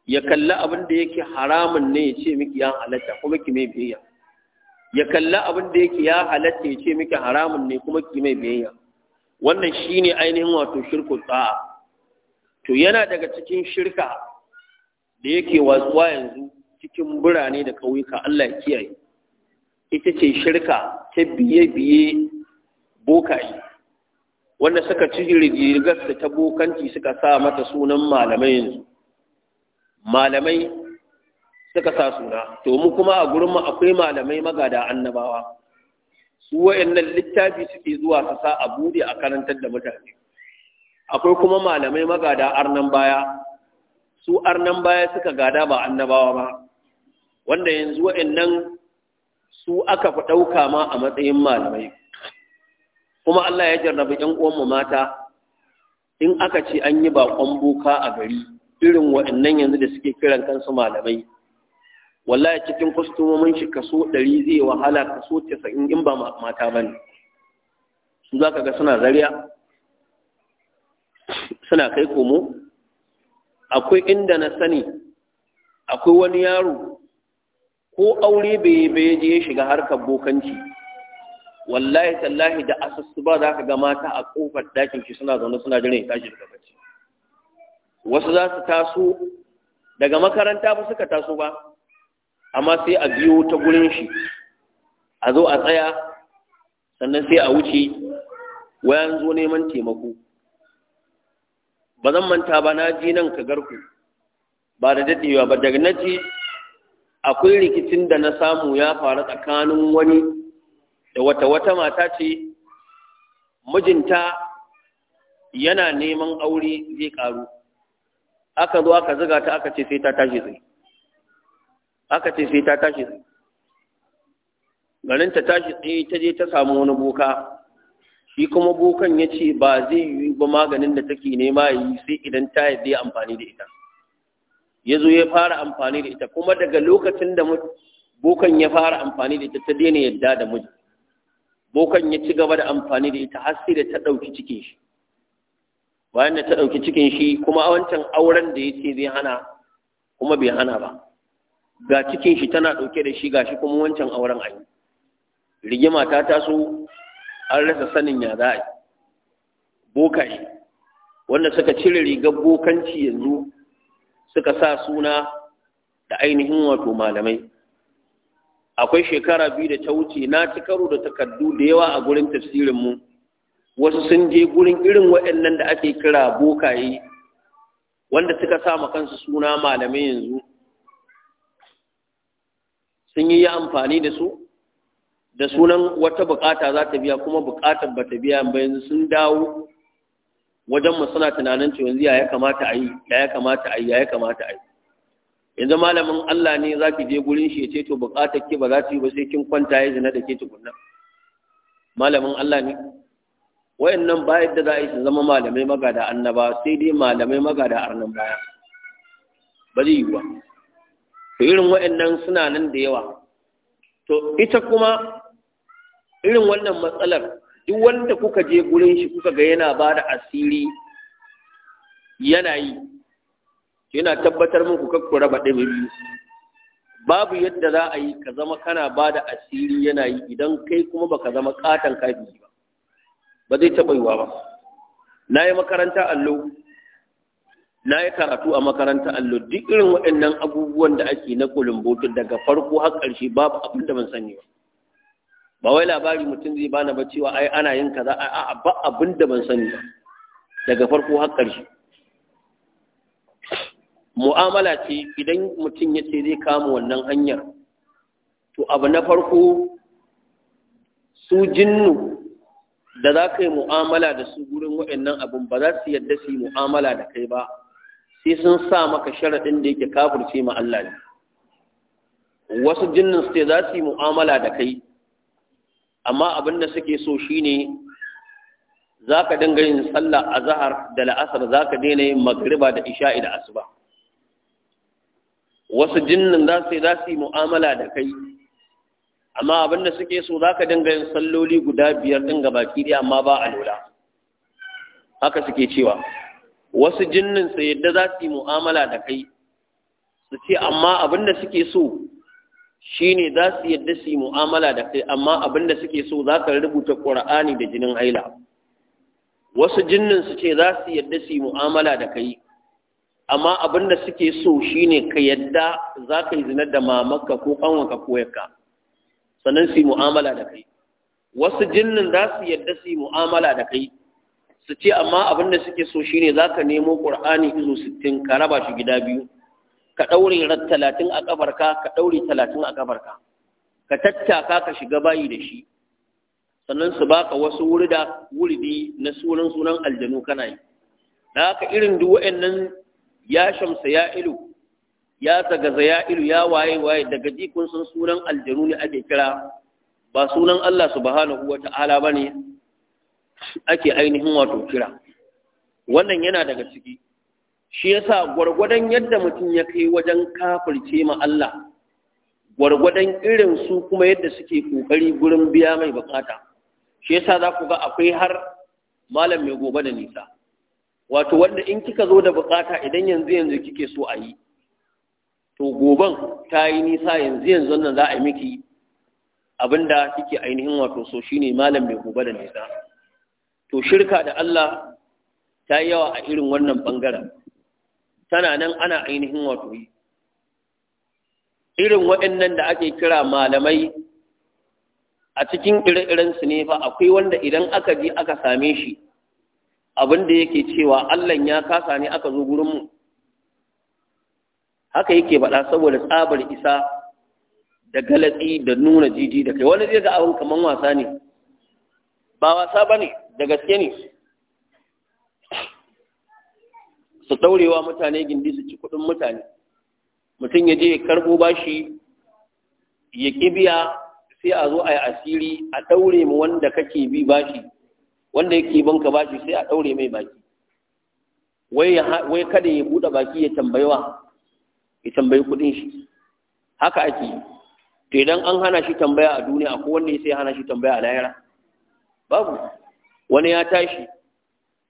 ya kalli abin da yake haramun ne ya ce miki ya halatta kuma ki mai biyayya ya kalli abin da yake ya halatta ya ce miki haramun ne kuma ki mai biyayya wannan shine ainihin wato shirku tsa'a to yana daga cikin shirka da yake watsuwa yanzu cikin birane da kauyuka Allah ya kiyaye ita ce shirka ta biye-biye bokaye wanda suka ci rigar da ta bokanci suka sa mata sunan malamai yanzu malamai suka sa suna to mu kuma a gurinmu akwai malamai magada annabawa su wa'annan littafi suke zuwa su sa a bude a karantar da mutane akwai kuma malamai magada arnan baya su arnan baya suka gada ba annabawa ba wanda yanzu waɗannan su aka fi ɗauka ma a matsayin malamai kuma Allah ya jarrabi ‘yan uwanmu mata in aka ce an yi baƙon boka a gari irin waɗannan yanzu da suke kiran kansu malamai wallahi cikin kwastomomin shi kaso ɗari zai wahala kaso casa'in in ba mata ba ne su za ka ga suna zariya suna kai komo akwai inda na sani akwai wani yaro ko aure bai bai je shiga harkar bokanci wallahi tallahi da asusu ba za ka ga mata a kofar dakin ki suna zaune suna jiran ya tashi daga bacci wasu za su taso daga makaranta ba suka taso ba amma sai a biyo ta gurin shi a zo a tsaya sannan sai a wuce wayan zo neman taimako ba zan manta ba na ji nan ka garku ba da daɗewa ba daga na ji akwai rikicin da na samu ya faru tsakanin wani da wata wata mata ce mijinta yana neman aure zai karu aka zo aka ziga ta aka ce sai ta tashi zai aka ce sai ta tashi zai garin ta tashi tsaye ta je ta samu wani boka shi kuma bokan ya ce ba zai yi ba maganin da take nema yi sai idan ta yi zai amfani da ita ya zo ya fara amfani da ita kuma daga lokacin da bokan ya fara amfani da ita ta daina yadda da miji bokan ya ci gaba da amfani da ita har sai da ta ɗauki cikin shi bayan da ta ɗauki cikin shi kuma a wancan auren da ya ce zai hana kuma bai hana ba ga cikin shi tana ɗauke da shi gashi kuma wancan auren a yi rigima ta taso an rasa sanin ya za a yi wanda suka cire rigar bokanci yanzu suka sa suna da ainihin wato malamai akwai shekara biyu da ta wuce na ci karo da takardu da yawa a gurin tafsirinmu wasu sun je gurin irin waɗannan da ake kira bokaye wanda suka sa ma kansu suna malamai yanzu sun yi amfani da su da sunan wata bukata za ta biya kuma bukatar ba ta biya ba yanzu sun dawo wajen mu suna tunanin cewa yanzu ya kamata a yi ya kamata a yi ya kamata a yi yanzu malamin Allah ne za ki je gurin shi ya ce to buƙatar ki ba za ta yi ba sai kin kwanta ya zina da ke tukunna malamin Allah ne wayannan ba yadda za a yi su zama malamai magada annaba sai dai malamai magada arnan baya ba zai yi ba to irin wayannan suna nan da yawa to ita kuma irin wannan matsalar duk wanda kuka je gurin shi kuka ga yana ba da asiri yana yi yana tabbatar muku kakku raba ɗaya biyu babu yadda za a yi ka zama kana ba da asiri yana yi idan kai kuma baka zama katon kafi ba ba zai taɓa yiwa ba na yi makaranta allo na yi karatu a makaranta allo duk irin waɗannan abubuwan da ake na kulumbotu daga farko har ƙarshe babu abin da ban sani ba ba wai labari mutum zai bani ba cewa ai ana yin kaza a ba abin ban sani ba daga farko har ƙarshe mu'amala ce idan mutum ya ce zai kama wannan hanyar to abu na farko su jinnu da za ka yi mu'amala da su gurin waɗannan abin ba za su yadda su yi mu'amala da kai ba sai sun sa maka sharaɗin da yake kafirce ma Allah ne wasu jinnin su za su yi mu'amala da kai amma abin da suke so shi ne, za ka dinga yin sallah a zahar da la'asar za ka daina yin magriba da isha'i da asuba wasu jinnin za su za su yi mu'amala da kai amma abin da suke so za ka dinga yin salloli guda biyar ɗin ga baki ɗaya amma ba a lura haka suke cewa wasu jinnin su yadda za su yi mu'amala da kai su ce amma abin da suke so shine za su yadda su yi mu'amala da kai amma abin da suke so za ka rubuta ƙur'ani da jinin haila wasu jinnin su ce za su yadda su yi mu'amala da kai amma abin da suke so shine ka yadda za ka yi zinar da mamanka ko ƙanwanka ko yakka sannan su yi mu'amala da kai wasu jinnin za su yadda su yi mu'amala da kai su ce amma abin da suke so shine za ka nemo ƙur'ani izo sittin ka raba shi gida biyu ka ɗaure talatin a ƙafarka ka ɗaure talatin a ƙafarka ka tattaka ka shiga bayi da shi sannan su baka wasu wurida wuridi na sunan sunan aljanu kana yi da haka irin duk wa'annan ya shamsa ya ilu ya zagaza ya ilu ya waye waye daga jikun sun sunan aljanu ne ake kira ba sunan Allah subhanahu wata'ala bane ake ainihin wato kira wannan yana daga ciki shi yasa gwargwadon yadda mutum ya kai wajen kafirce ma Allah gwargwadon irin su kuma yadda suke kokari gurin biya mai bukata shi yasa za ku ga akwai har malam mai gobe da nisa wato wanda in kika zo da bukata idan yanzu yanzu kike so a yi to goban ta yi nisa yanzu yanzu nan za a yi miki abinda kike ainihin wato so shine malam mai gobe da nisa to shirka da Allah ta yi yawa a irin wannan bangaren tana nan ana ainihin wato yi irin waɗannan da ake kira malamai a cikin ire su ne fa akwai wanda idan aka ji aka same shi abin da yake cewa Allah ya kasa ne aka zo mu. haka yake faɗa saboda tsabar isa da galatsi da nuna jiji da kai wani zai ga abin kaman wasa ne ba wasa ba da gaske ne su ɗaurewa mutane gindi su ci kuɗin mutane mutum ya je ya karɓo bashi ya kibiya sai a zo a yi asiri a ɗaure mu wanda kake bi bashi wanda yake banka bashi sai a ɗaure mai baki wai kada ya buɗe baki ya tambayewa ya tambayi kuɗin shi haka ake yi to idan an hana shi tambaya a duniya akwai wanda ya sai hana shi tambaya a lahira babu wani ya tashi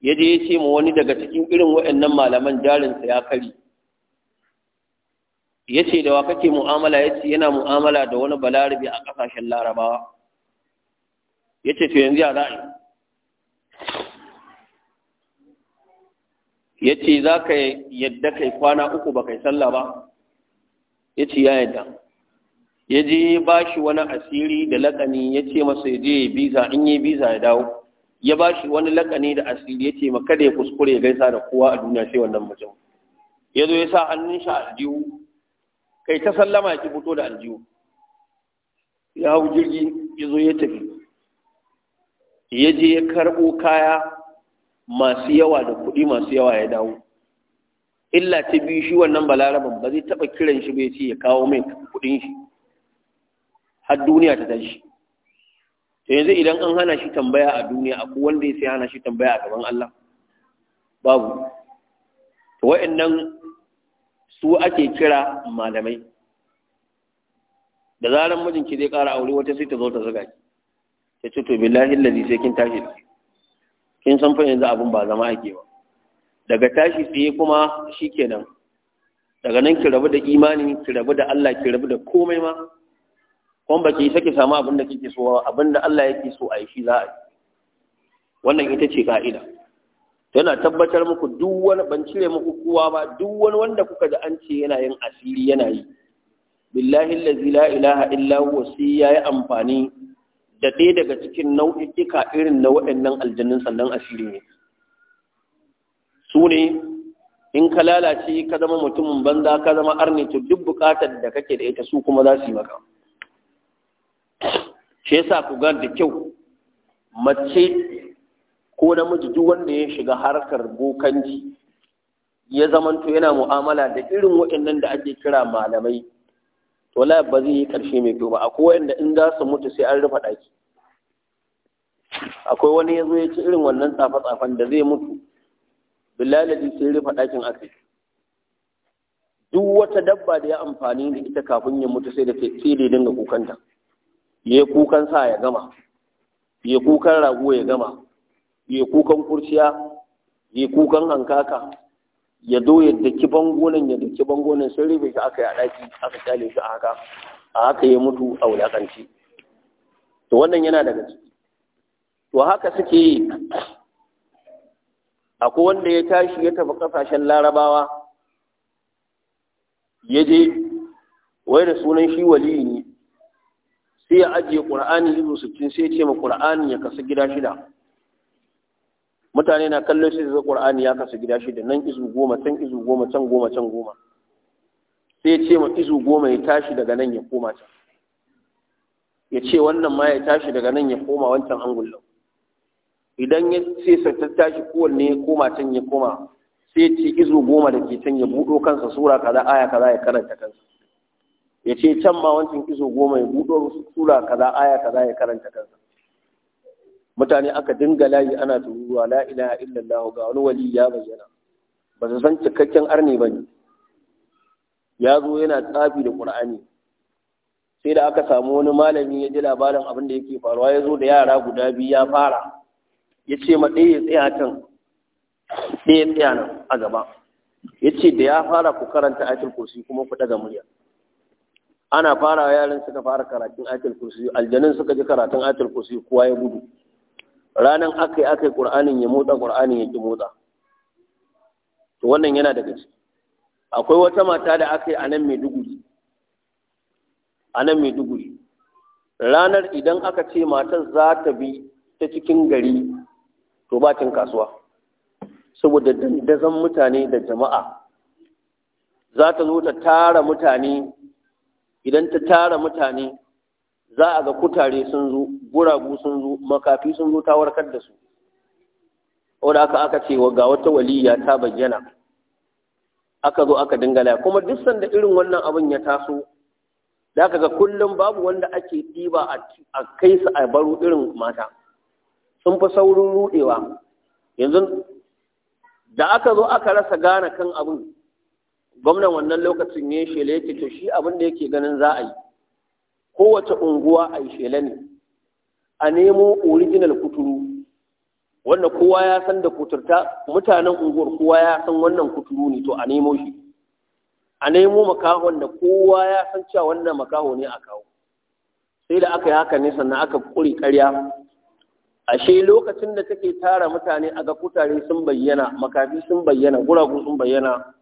ya je ya ce ma wani daga cikin irin waɗannan malaman jarinsa ya kari ya ce da wa kake mu'amala ya ce yana mu'amala da wani balarabi a ƙasashen larabawa ya ce to yanzu ya ra'ayi ya ce za ka yadda kai kwana uku ba kai sallah ba ya ce ya yadda ya je ba shi wani asiri da laƙani ya ce masa ya je ya biza in yi biza ya dawo ya ba shi wani lakani da asiri ya ce maka da ya kuskure ya gaisa da kowa a duniya sai wannan mutum ya zo ya sa hannun shi aljihu kai ta sallama ya ki fito da aljihu ya hau jirgi ya zo ya tafi ya je ya karɓo kaya masu yawa da kuɗi masu yawa ya dawo illa ta biyu shi wannan balaraban ba zai taɓa kiran shi ya ce ya kawo mai kuɗin shi har duniya ta tashi yanzu idan an hana shi tambaya a duniya akwai wanda ya sai hana shi tambaya a gaban Allah babu to wa'annan su ake kira malamai da zaran mijinki zai ƙara aure wata sai ta zo ta zuga ki ta ce to billahi allazi sai kin tashi kin san fa yanzu abin ba zama ake ba daga tashi sai kuma shikenan daga nan ki rabu da imani ki rabu da Allah ki rabu da komai ma kuma baki sake samu abin da kike so abin da Allah yake so a yi shi za a yi wannan ita ce ka'ida Tana tabbatar muku duk wani ban cire muku kowa ba duk wani wanda kuka da an ce yana yin asiri yana yi billahi allazi la ilaha illa huwa sai yayi amfani da ɗaya daga cikin nau'ika irin na waɗannan aljannun sannan asiri ne Sune in ka lalace ka zama mutumin banza ka zama arni to duk buƙatar da kake da ita su kuma za su yi maka shi yasa ku ga da kyau mace ko namiji duk wanda ya shiga harkar bokanci ya zamanto yana mu'amala da irin waɗannan da ake kira malamai to la ba zai yi karshe mai kyau ba akwai wanda in za su mutu sai an rufa ɗaki akwai wani ya ya ci irin wannan tsafe-tsafen da zai mutu bilaladi sai rufa ɗakin aka duk wata dabba da ya amfani da ita kafin ya mutu sai da sai da dinga kukanta ya kukan sa ya gama ya kukan rago ya gama ya kukan kurciya ya kukan hankaka ya do ya daki bangonan ya daki bangonan sun rufe shi aka yi a ɗaki aka kyale shi a haka a haka ya mutu a wulakanci to wannan yana daga ciki to haka suke yi akwai wanda ya tashi ya tafi kasashen larabawa ya je wai da sunan shi waliyi ne sai ya ajiye ƙur'ani izu sittin sai ya ce ma ƙur'ani ya kasu gida shida mutane na kallon sai zai ƙur'ani ya kasu gida shida nan izu goma can izu goma can goma can goma sai ya ce ma izu goma ya tashi daga nan ya koma can ya ce wannan ma ya tashi daga nan ya koma wancan angullan idan ya ce sa ta tashi kowanne ya koma can ya koma sai ya ce izu goma da ke can ya buɗo kansa sura kaza aya kaza ya karanta kansa ya ce can ma wancan kiso goma ya buɗo sura kaza aya kaza ya karanta kansa mutane aka dinga layi ana tururuwa la ilaha illallah ga wani wali ya bayyana ba su san cikakken arni ba ne ya zo yana tsafi da ƙur'ani. sai da aka samu wani malami ya ji labarin abin da yake faruwa ya zo da yara guda biyu ya fara ya ce ma ɗaya ya tsaya can ɗaya tsaya nan a gaba ya ce da ya fara ku karanta aikin kursi kuma ku ɗaga murya ana fara yaran suka fara karatun ayatul kursi aljanin suka ji karatun ayatul kursi kowa ya gudu ranan akai akai qur'anin ya motsa qur'anin ya ki motsa to wannan yana daga ciki akwai wata mata da akai a nan duguri anan mai duguri ranar idan aka ce matar za ta bi ta cikin gari to ba bakin kasuwa saboda dazan mutane da jama'a za ta zo ta tara mutane idan ta tara mutane za a ga kutare sun zo guragu sun zo makafi sun zo ta warkar da su wadda aka aka ce ga wata waliya ta bayyana aka zo aka dingala kuma duk sanda irin wannan abin ya taso da aka ga kullum babu wanda ake ɗiba a kai su a baro irin mata sun fi saurin ruɗewa yanzu da aka zo aka rasa gane kan abin gwamnan wannan lokacin ya shela yake to shi abin da yake ganin za a yi kowace unguwa a yi shela ne a nemo original kuturu wanda kowa ya san da kuturta mutanen unguwar kowa ya san wannan kuturu ne to a nemo shi a nemo makahon da kowa ya san cewa wannan makaho ne a kawo sai da aka yi haka ne sannan aka kuri karya ashe lokacin da take tara mutane a ga kutare sun bayyana makafi sun bayyana guragu sun bayyana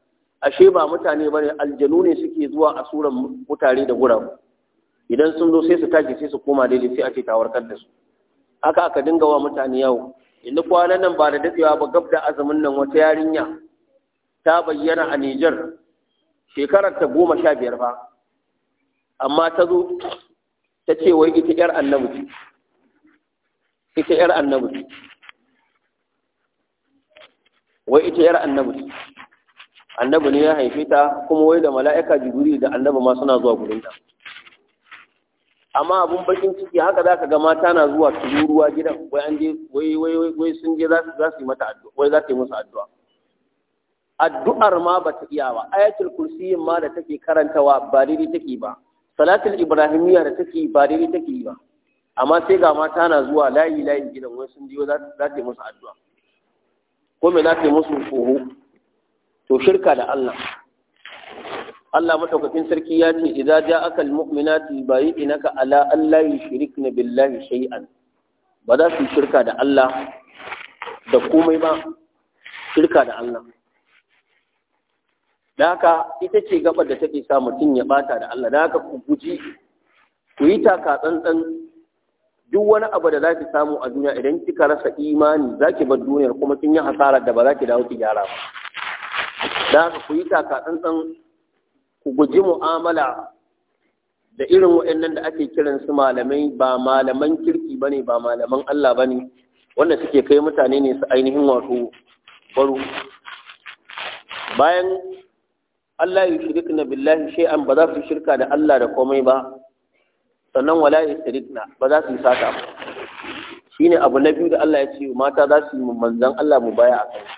ashe ba mutane bane aljanu ne suke zuwa a suran mutare da gurabu idan sun zo sai su tashi sai su koma daidai sai ake tawarkar da su haka aka dinga wa mutane yawo inda kwanan nan ba da dadewa ba gab da azumin nan wata yarinya ta bayyana a Nijar shekarar ta goma sha biyar ba amma ta zo ta ce wai ita yar annabi ce ita yar annabi ce wai ita yar annabi ce annabi ne ya haife ta kuma wai da mala'ika jibril da annabi ma suna zuwa gurin ta amma abun bakin ciki haka za ka ga mata na zuwa tururuwa gidan wai an je wai wai wai sun je za su yi mata addu'a wai za ta yi musu addu'a addu'ar ma ba ta iya ba ayatul kursiyin ma da take karantawa ba daidai take ba salatul ibrahimiyya da take ba daidai take ba amma sai ga mata na zuwa layi layi gidan wai sun je za su yi musu addu'a ko me za su yi musu tsoho? to shirka da Allah Allah madaukakin sarki ya ce idza ja'aka almu'minatu bayyinaka ala alla yushrikna billahi shay'an ba za su shirka da Allah da komai ba shirka da Allah da haka ita ce gabar da take sa mutum ya bata da Allah da haka ku guji ku yi taka tsantsan duk wani abu da zaki samu a duniya idan kika rasa imani zaki bar duniyar kuma kin yi hasarar da ba zaki dawo ki gyara ba da haka ku yi taka tsantsan ku guji mu'amala da irin waɗannan da ake kiran su malamai ba malaman kirki bane ba malaman Allah bane wanda suke kai mutane ne su ainihin wato baro bayan Allah ya shirka na billahi shay'an ba za su shirka da Allah da komai ba sannan wala ya shirka ba za su yi sata ba shine abu na biyu da Allah ya ce mata za su yi manzan Allah mu baya a kai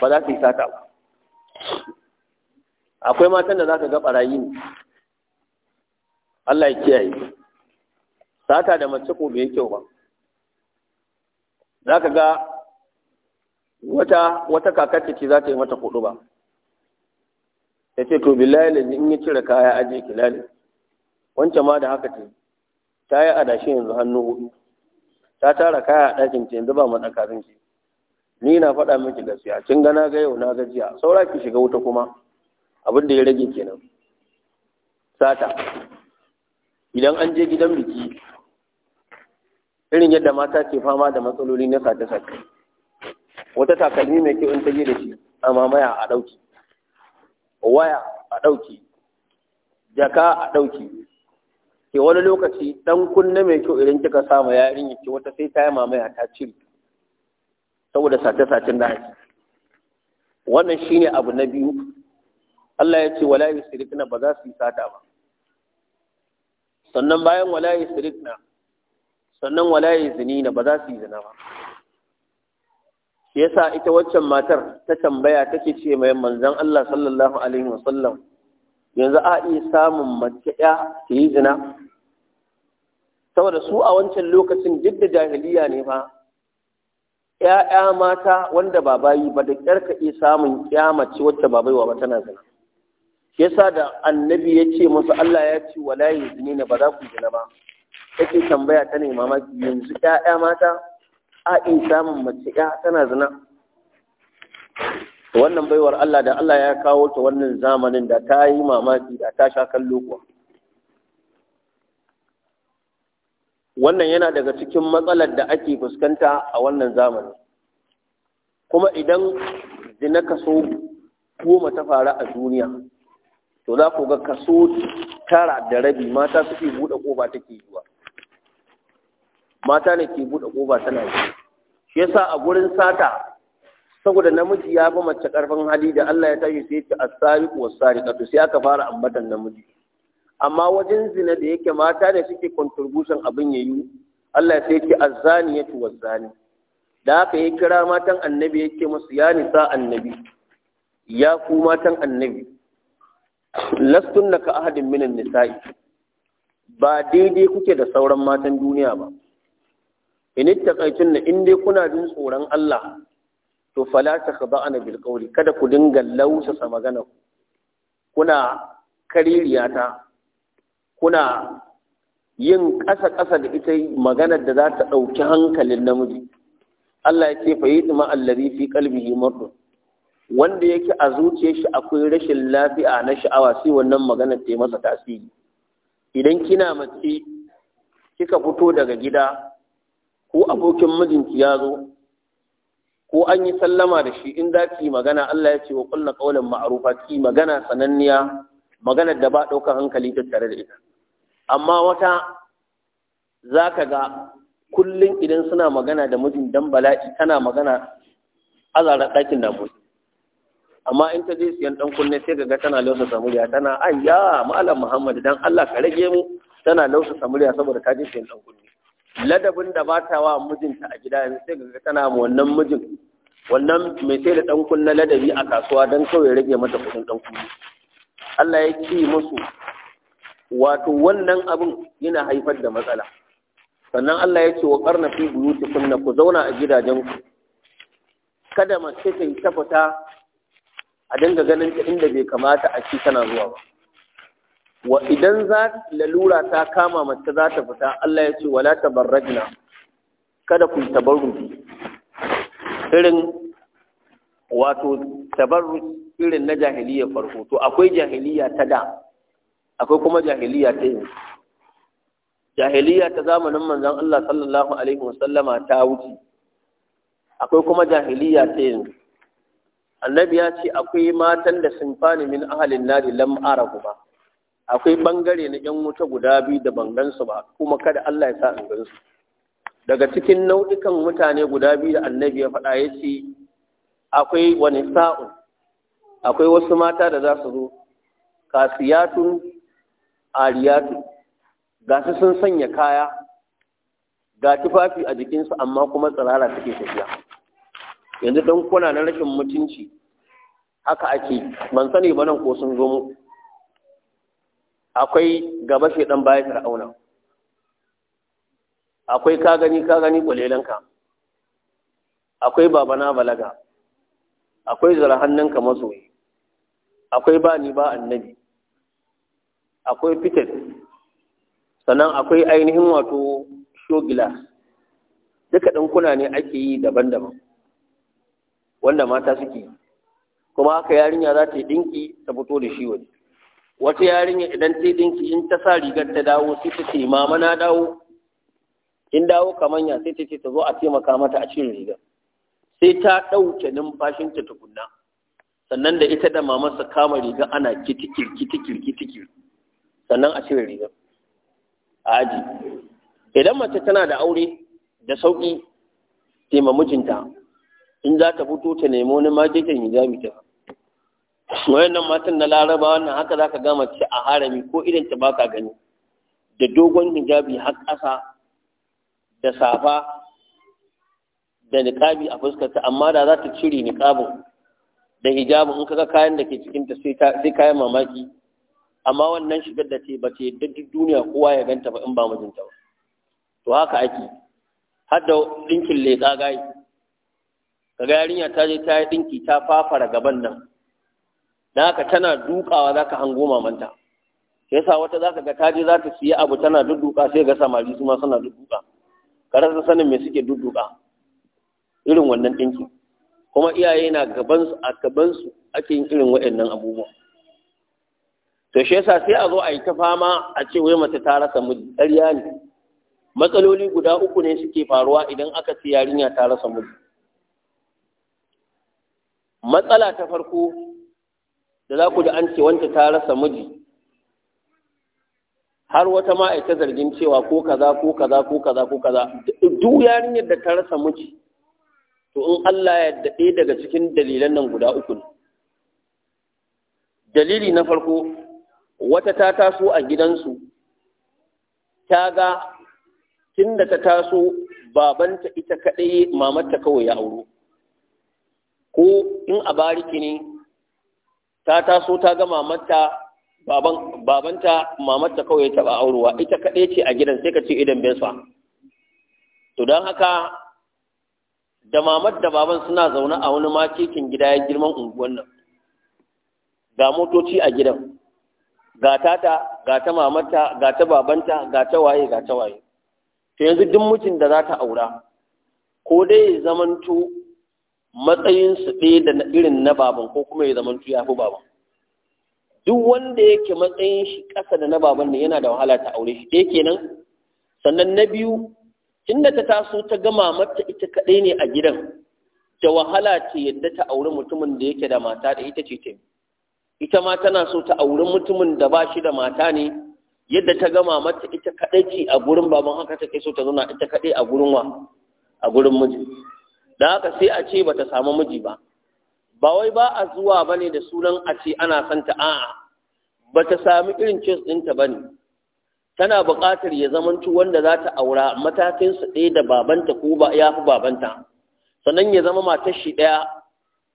ba za su yi sata ba akwai matan da za ka ga ɓarayi ne Allah ya kiyaye sata da mace ko bai kyau ba za ka ga wata wata kakarta ce za ta yi mata hudu ba Ya ce to billahi in ya cire kaya aje ki lale wancan ma da haka ce ta yi adashi yanzu hannu hudu ta tara kaya a ɗakin ce yanzu ba matsaka zan ce ni na faɗa miki gaskiya kin ga na ga yau na ga jiya. saura ki shiga wuta kuma abin da ya rage kenan sata idan an je gidan biki irin yadda mata ke fama da matsaloli na sata sata wata takalmi mai kyau in ta je da shi a mamaya a ɗauki waya a ɗauki jaka a ɗauki ke wani lokaci ɗan kunne mai kyau idan kika samu yarinyar yake wata sai ta yi mamaya ta cire saboda sace-sacen da haji wannan shine abu na biyu Allah ya ce wala yusrikna ba za su yi sata ba sannan bayan wala yusrikna sannan wala yuzinina ba za su yi zina ba Ya yasa ita waccan matar ta tambaya take ce mai manzon Allah sallallahu alaihi wasallam yanzu a iya samun mace ya ta yi zina saboda su a wancan lokacin duk da jahiliya ne ba. 'ya'ya mata wanda ba bayi ba da ƙyarka ka iya samun ƙyamace wacce ba baiwa ba tana zina shi yasa da annabi ya ce masa Allah ya ce layin zini na ba za ku zina ba yake tambaya ta ne mamaki yanzu 'ya'ya mata a in samun mace ya tana zina wannan baiwar Allah da Allah ya kawo ta wannan zamanin da ta yi mamaki da ta sha kallo kuwa wannan yana daga cikin matsalar da ake fuskanta a wannan zamani kuma idan zina kaso goma ta faru a duniya to za ku ga kaso tara da rabi mata suke buɗe ƙofa take zuwa mata ne ke buɗe ƙofa tana yi shi yasa a gurin sata saboda namiji ya fi mace ƙarfin hali da Allah ya tashi sai ta asari ko sari sai aka fara ambatan namiji amma wajen zina da yake mata da suke contribution abin ya yi Allah sai yake azzani yatu wazzani da haka ya kira matan annabi yake musu ya nisa annabi ya ku matan annabi na ka ahadin minin nisa'i ba daidai kuke da sauran matan duniya ba in ittaqaytunna in dai kuna jin tsoron Allah to fala ka ba'ana bilkauri kada ku dinga lausasa magana kuna ta kuna yin ƙasa-ƙasa da ita maganar da za ta ɗauki hankalin namiji Allah ya ce fayi tsima allazi fi qalbihi mardu wanda yake a zuciyar shi akwai rashin lafiya na sha'awa sai wannan maganar ta yi masa tasiri idan kina mace kika fito daga gida ko abokin mijinki ya zo ko an yi sallama da shi in za ki magana Allah ya ce wa ƙulla qawlan ma'rufa ki magana sananniya maganar da ba ɗaukar hankali ta tare da ita amma wata za ka ga kullum idan suna magana da mijin dan bala'i tana magana azara ɗakin na amma in ta je siyan ɗan kunne sai gaga tana lausa samuriya tana ayya malam muhammad dan allah ka rage mu tana lausa samuriya saboda ta je siyan ɗan kunne ladabin da ba ta wa mijinta a gida yanzu sai ga tana ma wannan mijin wannan mai sai da ɗan kunne ladabi a kasuwa don kawai rage mata kuɗin ɗan kunne Allah ya ci musu wato wannan abin yana haifar da matsala sannan Allah ya ce wa karna fi buyuti kunna ku zauna a gidajenku kada mace ta yi ta fita a dinga ganin ta inda bai kamata a ci tana zuwa ba wa idan za lalura ta kama mace za ta fita Allah ya ce wala tabarrajna kada ku tabarruji irin wato tabarruj irin na jahiliya farko to akwai jahiliyya ta da akwai kuma jahiliya ta yanzu jahiliya ta zamanin manzon Allah sallallahu alaihi wasallama ta wuce akwai kuma jahiliya ta yanzu annabi ya ce akwai matan da sun fani min ahalin nari lam arahu ba akwai bangare na yan wuta guda biyu da ban gansu ba kuma kada Allah ya sa in gansu daga cikin nau'ikan mutane guda biyu da annabi ya faɗa ya ce akwai wani sa'un akwai wasu mata da za su zo kasiyatun ariyatu ga su sun sanya kaya ga tufafi a jikinsu amma kuma tsirara suke tafiya yanzu don kuna na rashin mutunci haka ake ban sani ba nan ko sun zo mu akwai gaba shi dan baya fir'auna akwai ka gani ka gani kulelanka akwai Baba na balaga akwai zara hannunka akwai ba ni ba annabi akwai fitet sannan akwai ainihin wato shogila duka ɗinkuna ne ake yi daban-daban wanda mata suke kuma haka yarinya za ta yi ɗinki ta fito da shi waje wata yarinya idan ta yi ɗinki in ta sa rigar ta dawo sai ta ce mama na dawo in dawo kamanya sai ta ce ta zo a taimaka mata a cire rigar sai ta ɗauke numfashinta tukunna sannan da ita da mamarsa kama riga ana kitikir kitikir kitikir sannan a cire rigar a aji idan mace tana da aure da sauƙi ma mijinta in za ta fito ta nemi wani majikin hijabi ta wayannan matan na laraba wannan haka za ka ga mace a harami ko irin ta baka gani da dogon hijabi har ƙasa da safa da niƙabi a fuskarta amma da za ta cire niƙabin da hijabin in ka ga kayan da ke cikinta ta sai kayan mamaki amma wannan shigar da ce ba ce duk duniya kowa ya ganta ba in ba mijinta ba to haka ake har da ɗinkin leƙa gayi kaga yarinya ta je ta yi ɗinki ta fafara gaban nan dan haka tana dukawa zaka hango mamanta sai sa wata zaka ga ta je za ta siya abu tana dudduka sai ga samari su ma suna dudduka ka rasa sanin me suke dudduka irin wannan dinki kuma iyaye na gabansu a gabansu ake yin irin waɗannan abubuwa. to shi yasa sai a zo a yi ta fama a ce wai mace ta rasa miji ƙarya ne matsaloli guda uku ne suke faruwa idan aka ce yarinya ta rasa miji matsala ta farko da za ku da an ce wanta ta rasa miji har wata ma ita zargin cewa ko kaza ko kaza ko kaza ko kaza duk yarinyar da ta rasa miji to in Allah ya yarda daga cikin dalilan nan guda uku dalili na farko wata ta taso a gidansu ta ga tun da ta taso babanta ita kaɗai mamarta kawai ya auro ko in a bariki ne ta taso ta ga mamarta babanta mamarta kawai ya taɓa aurowa ita kaɗai ce a gidan sai ka ce idan besa to don haka da mamar da baban suna zaune a wani makekin gida ya girman unguwan nan ga motoci a gidan ga tata ga ta mamata ga ta babanta ga ta waye ga ta waye to yanzu duk mutum da za ta aura ko dai ya zamanto matsayin su ɗaya da irin na baban ko kuma ya zamanto ya fi baban duk wanda yake matsayin shi ƙasa da na baban ne yana da wahala ta aure shi ɗaya kenan sannan na biyu tunda ta taso ta ga mata ita kaɗai ne a gidan da wahala ce yadda ta aure mutumin da yake da mata da ita ce ta ita ma tana so ta auri mutumin da ba shi da mata ne yadda ta gama mata ita kaɗai ce a gurin baban haka take so ta zauna ita kaɗai a gurin wa a gurin miji da haka sai a ce bata samu miji ba ba wai ba a zuwa bane da sunan a ce ana santa a'a bata sami irin cins ɗinta bane tana buƙatar ya zamanci wanda za ta aura matakinsu ɗaya da babanta ko ba ya fi babanta sannan ya zama matar shi ɗaya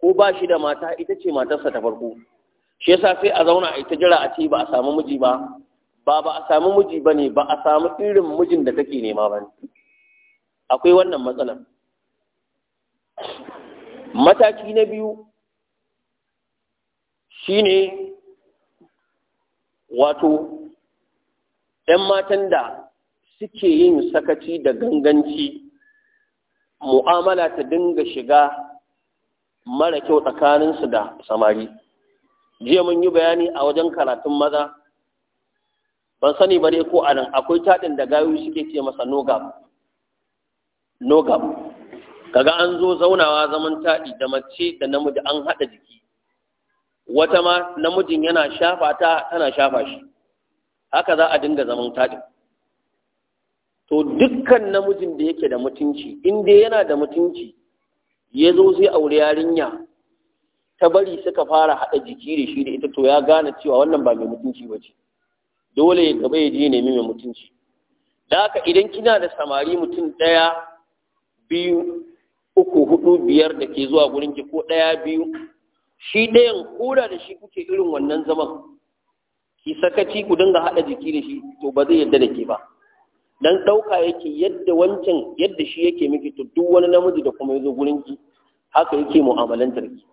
ko ba shi da mata ita ce matarsa ta farko shi yasa sai a zauna a ita jira a ce ba a samu miji ba ba ba a samu miji ba ne ba a samu irin mijin da take nema ba ne akwai wannan matsala. mataki na biyu shi ne, wato ‘yan matan da suke yin sakaci da ganganci mu'amala ta dinga shiga mara kyau tsakaninsu da samari jiya mun yi bayani a wajen karatun maza ban sani ba ne ko a nan akwai taɗin da gayu suke ce masa nogam nogam kaga an zo zaunawa zaman taɗi da mace da namiji an haɗa jiki wata ma namijin yana shafa ta tana shafa shi haka za a dinga zaman taɗin to dukkan namijin da yake da mutunci in dai yana da mutunci ya zo zai aure yarinya ta bari suka fara haɗa jiki da shi da ita to ya gane cewa wannan ba mai mutunci ba ce dole ya gaba ya je nemi mai mutunci da haka idan kina da samari mutum ɗaya biyu uku hudu biyar da ke zuwa gurin ki ko ɗaya biyu shi ɗayan koda da shi kuke irin wannan zaman ki sakaci ku dinga haɗa jiki da shi to ba zai yadda da ke ba dan ɗauka yake yadda wancan yadda shi yake miki to duk wani namiji da kuma ya zo gurin ki haka yake mu'amalantar ki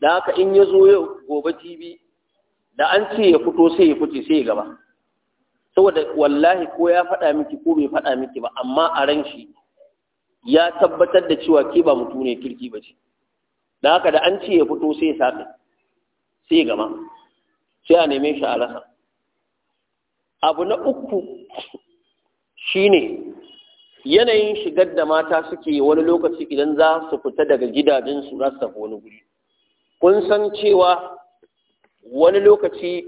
da haka in ya zo yau gobe TV. da an ce ya fito sai ya fice sai ya gaba saboda wallahi ko ya faɗa miki ko bai faɗa miki ba amma a ran shi ya tabbatar da cewa ke ba mutu ne kirki ba ce da haka da an ce ya fito sai ya saɓe sai ya gama sai a neme shi a rasa abu na uku shine yanayin shigar da mata suke wani lokaci idan za su fita daga gidajensu za su tafi wani guri kun san cewa wani lokaci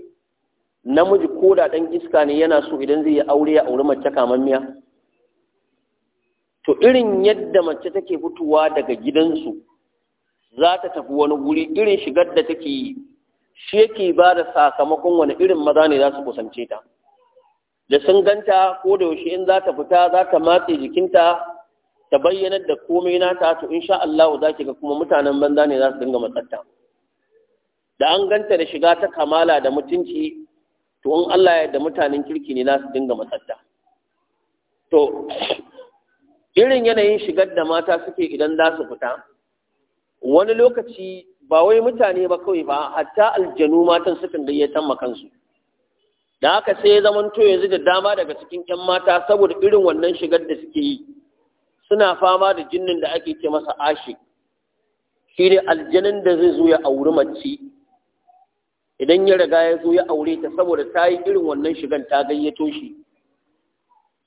namiji ko da ɗan iska ne yana so idan zai yi aure ya auri mace kamammiya to irin yadda mace take fitowa daga gidansu za ta tafi wani guri irin shigar da take yi shi yake ba da sakamakon wani irin maza ne za su kusance ta da sun ganta ko da yaushe in za ta fita za ta matse jikinta ta bayyanar da komai nata to insha Allah za ki ga kuma mutanen banza ne za su dinga matsatta da an ganta da shiga ta kamala da mutunci to in Allah ya da mutanen kirki ne za dinga matsatsa to irin yanayin shigar da mata suke idan za su fita wani lokaci ba wai mutane ba kawai ba hatta aljanu matan sukan gayyatar makansu da haka sai ya zama to yanzu da dama daga cikin 'yan mata saboda irin wannan shigar da suke yi suna fama da jinnin da ake ce masa ashik shi ne aljanin da zai zo ya auri mace idan ya riga ya zo ya aure ta saboda ta yi irin wannan shigan ta gayyato shi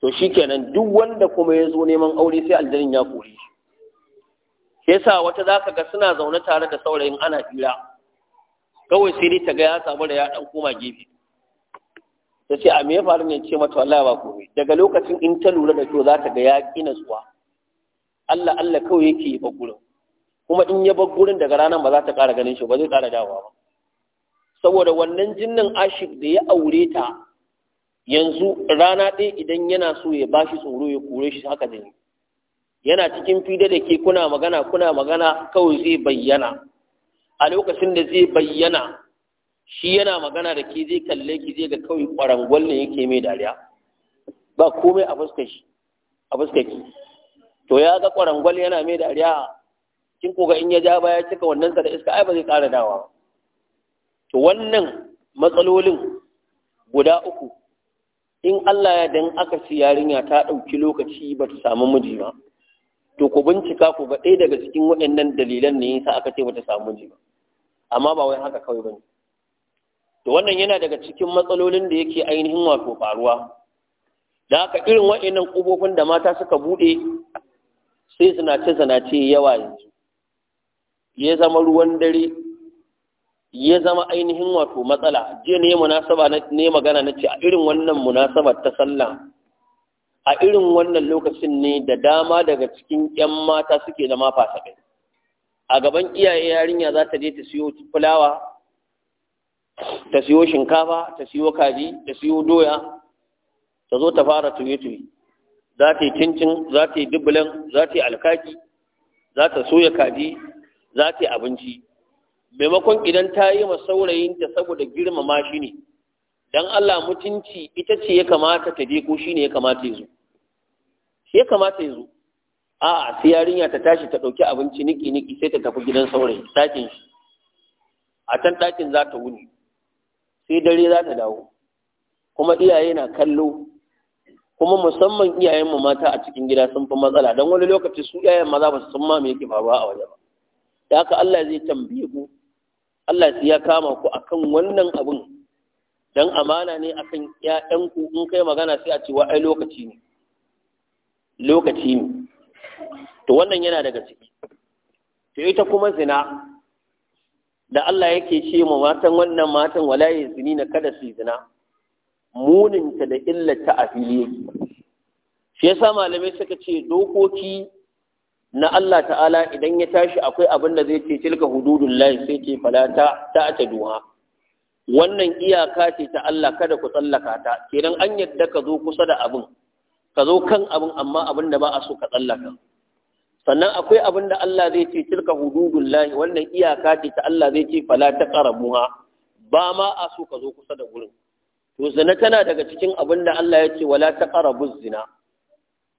to shi kenan duk wanda kuma ya zo neman aure sai aljanin ya kore shi shi yasa wata za ka ga suna zaune tare da saurayin ana fira kawai sai dai ta ga ya samu da ya dan koma gefe ta ce a me ya faru ne ce mata wallahi ba komai daga lokacin in ta lura da kyau za ta ga ya zuwa Allah Allah kawai yake yi bagurin kuma in ya bar daga ranar ba za ta ƙara ganin shi ba zai kara dawowa ba saboda wannan jinnin ashik da ya aure ta yanzu rana ɗaya idan yana so ya bashi tsoro ya kore shi haka jini yana cikin fida da ke kuna magana kuna magana kawai zai bayyana a lokacin da zai bayyana shi yana magana da ke zai kalle ki zai ga kawai kwarangwal ne yake mai dariya ba komai a fuskar shi a fuskar ki to ya ga kwarangwal yana mai dariya kin koga in ya ja baya cika wannan sa da iska ai ba zai ƙara dawa to wannan matsalolin guda uku in Allah ya dan aka ci yarinya ta ɗauki lokaci ba ta samu miji ba to ku bincika ku ga ɗaya daga cikin waɗannan dalilan ne yasa aka ce ba ta samu miji ba amma ba wai haka kawai bane to wannan yana daga cikin matsalolin da yake ainihin wato faruwa da haka irin waɗannan ƙofofin da mata suka buɗe sai zinace zinace yawa yanzu ya zama ruwan dare ya zama ainihin wato matsala je ne munasaba ne magana nace a irin wannan munasabar ta sallah a irin wannan lokacin ne da dama daga cikin 'yan mata suke zama fasakai a gaban iyaye yarinya za ta je ta siyo fulawa ta siyo shinkafa ta siyo kaji ta siyo doya ta zo ta fara tuye-tuye za ta yi cincin za ta yi dubulan za ta yi alkaki za ta soya kaji za ta yi abinci maimakon idan ta yi ma saurayinta saboda girmama shi ne dan Allah mutunci ita ce ya kamata ta je ko ne ya kamata ya zo shi ya kamata ya zo a'a sai ta tashi ta ɗauki abinci niki niki sai ta tafi gidan saurayi ɗakin shi a can ɗakin za ta wuni sai dare za ta dawo kuma iyaye na kallo kuma musamman iyayen mu mata a cikin gida sun fi matsala don wani lokaci su iyayen maza ba su san ma me yake faruwa a waje ba da haka Allah zai tambaye ku Allah ya kama ku akan wannan abin dan amana ne akan 'ya'yanku in kai magana sai a ce wa ai lokaci ne lokaci ne to wannan yana daga ciki to ita kuma zina da Allah yake ce ma matan wannan matan walaye zini na kada su zina muninta da illata a fili shi yasa malamai suka ce dokoki na Allah ta'ala idan ya tashi akwai abin da zai ce tilka hududun lahi sai ce falata ta ta duha wannan iyaka ce ta Allah kada ku tsallaka ta kenan an yadda ka zo kusa da abin ka zo kan abin amma abin da ba a so ka tsallaka sannan akwai abin da Allah zai ce tilka hududun lahi wannan iyaka ce ta Allah zai ce falata karamuha ba ma a so ka zo kusa da gurin to zina tana daga cikin abin da Allah ya ce wala ta zina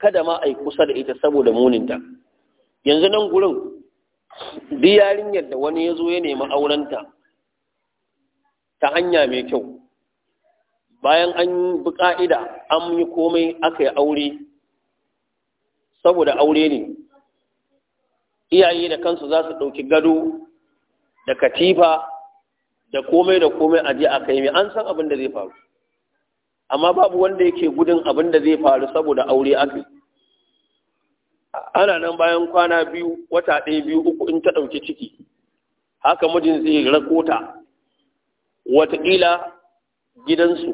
kada ma a yi kusa da ita saboda muninta yanzu nan gurin duk yarinyar da wani ya zo ya nemi aurenta ta hanya mai kyau bayan an bi ƙa'ida an yi komai aka yi aure saboda aure ne iyaye da kansu za su ɗauki gado da katifa da komai da komai a je a kai mai an san abin da zai faru amma babu wanda yake gudun abin da zai faru saboda aure aka yi ana nan bayan kwana biyu wata ɗaya biyu uku in ta ɗauki ciki haka mijin zai rakota wataƙila gidansu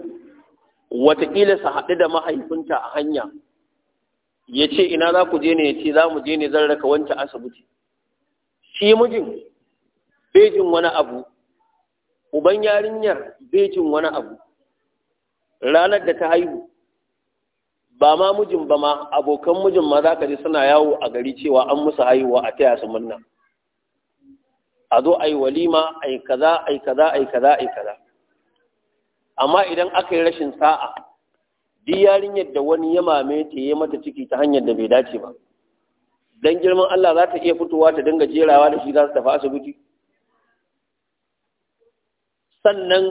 wataƙila su haɗu da mahaifinta a hanya ya ce ina za ku je ne ya ce za mu je ne zan raka wancan asibiti shi mijin bejin wani abu uban yarinyar bejin wani abu ranar da ta haihu ba ma mijin ba ma abokan mijin ma za ka ji suna yawo a gari cewa an musu haihuwa a taya su murna a zo ai walima ai kaza ai kaza ai kaza ai kaza amma idan aka yi rashin sa'a duk yarinyar da wani ya mame ta yi mata ciki ta hanyar da bai dace ba dan girman Allah za ta iya fitowa ta dinga jerawa da shi za su tafi asibiti sannan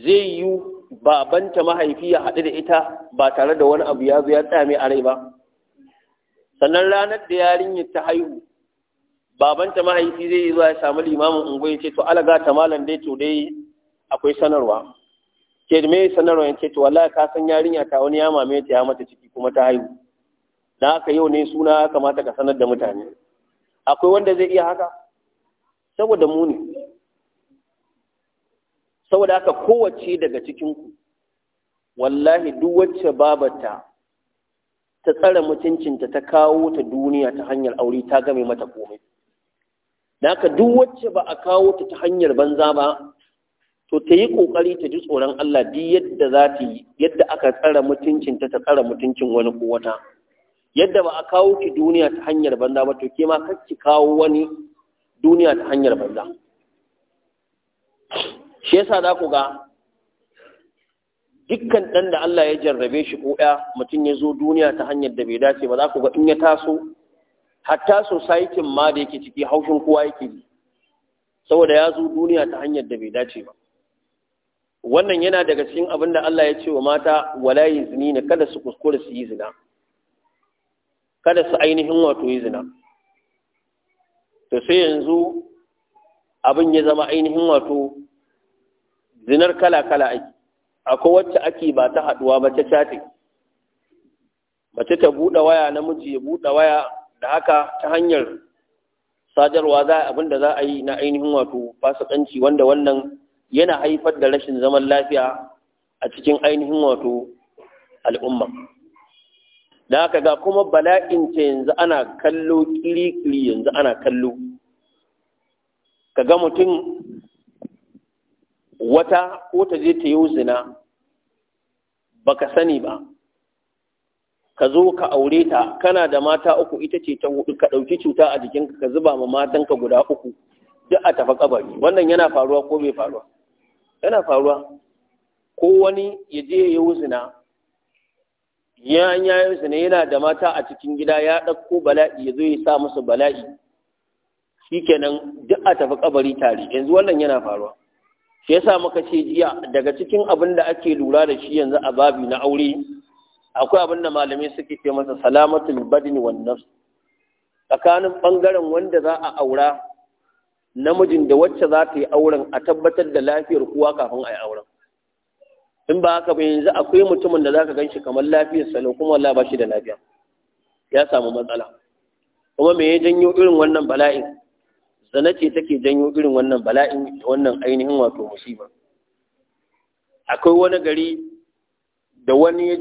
zai yiwu babanta mahaifi ya haɗu da ita ba tare da wani abu ya zo ya tsame a rai ba sannan ranar da yarinyar ta haihu babanta mahaifi zai zuwa ya samu limamin ungo ya ce to alaga ta malam dai to dai akwai sanarwa ke da mai sanarwa ya ce to wallahi ka san yarinya ta wani ya mame ta ya mata ciki kuma ta haihu da haka yau ne suna kamata ka sanar da mutane akwai wanda zai iya haka saboda mu ne saboda haka kowace daga cikinku wallahi duk wacce babata ta tsara mutuncinta ta kawo ta duniya ta hanyar aure ta game mata komai da haka duk ba a kawo ta ta hanyar banza ba to ta yi ƙoƙari ta ji tsoron Allah duk yadda za ta yi yadda aka tsara mutuncinta ta tsara mutuncin wani ko wata yadda ba a kawo ki duniya ta hanyar banza ba to ke ma kawo wani duniya ta hanyar banza shi yasa za ku ga dukkan ɗan da Allah ya jarrabe shi ko ɗaya mutum ya zo duniya ta hanyar da bai dace ba za ku ga in ya taso hatta sosaitin ma da yake ciki haushin kowa yake bi saboda ya zo duniya ta hanyar da bai dace ba wannan yana daga cikin abin da Allah ya ce wa mata wala yi zini ne kada su kuskure su yi zina kada su ainihin wato yi zina to sai yanzu abin ya zama ainihin wato zinar kala-kala ake akwai wacce ake ba ta haduwa ba ta chatting mace ta buɗe waya namiji ya buɗe waya da haka ta hanyar sadarwa za a abinda za a yi na ainihin wato fasikanci wanda wannan yana haifar da rashin zaman lafiya a cikin ainihin wato al'umma da haka ga kuma bala'in ce yanzu ana kallo kiri-kiri yanzu ana kallo ka ga mutum wata ko ta je ta yi zina ka sani ba ka zo ka aure ta kana da mata uku ita ce ta hudu ka ɗauki cuta a jikinka ka zuba ma matanka guda uku duk a tafi kabari wannan yana faruwa ko bai faruwa yana faruwa ko wani ya je ya yi zina ya yi zina yana da mata a cikin gida ya ɗauko bala'i ya zo ya sa musu bala'i shikenan duk a tafi kabari tare yanzu wannan yana faruwa shi yasa muka ce jiya daga cikin abin da ake lura da shi yanzu a babi na aure akwai abin da malamai suke ce masa salamatul badni wan nafs tsakanin bangaren wanda za a aura namijin da wacce za ta yi auren a tabbatar da lafiyar kuwa kafin a yi auren in ba haka ba yanzu akwai mutumin da za ka gan shi kamar lafiyar salo kuma Allah ba shi da lafiya ya samu matsala kuma me ya janyo irin wannan bala'in zana ce take janyo irin wannan bala'in wannan ainihin wato musiba. akwai wani gari da wani ya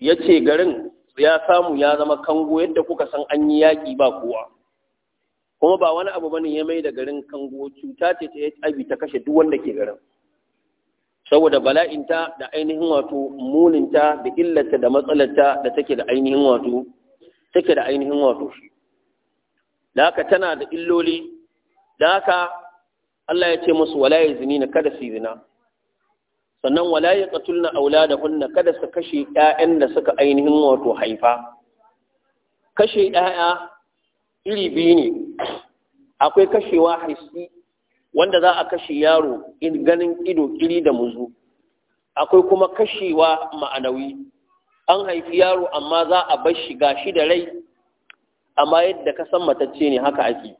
je ce garin ya samu ya zama kango yadda kuka san an yi yaƙi ba kowa kuma ba wani abu bane ya mai da garin kango cuta ce ta HIV ta kashe duk wanda ke garin saboda bala'inta da ainihin wato muninta da illarta da matsalarta da take da ainihin wato take da ainihin wato shi da haka tana da illoli da haka Allah ya ce musu wala na kada su zina sannan wala da hunna kada su kashe yayan da suka ainihin wato haifa kashe yaya iri biyu ne akwai kashewa haifi, wanda za a kashe yaro ganin ido ƙiri da muzu akwai kuma kashewa ma'anawi an haifi yaro amma za a bar shi gashi da rai amma yadda ka san matacce ne haka ake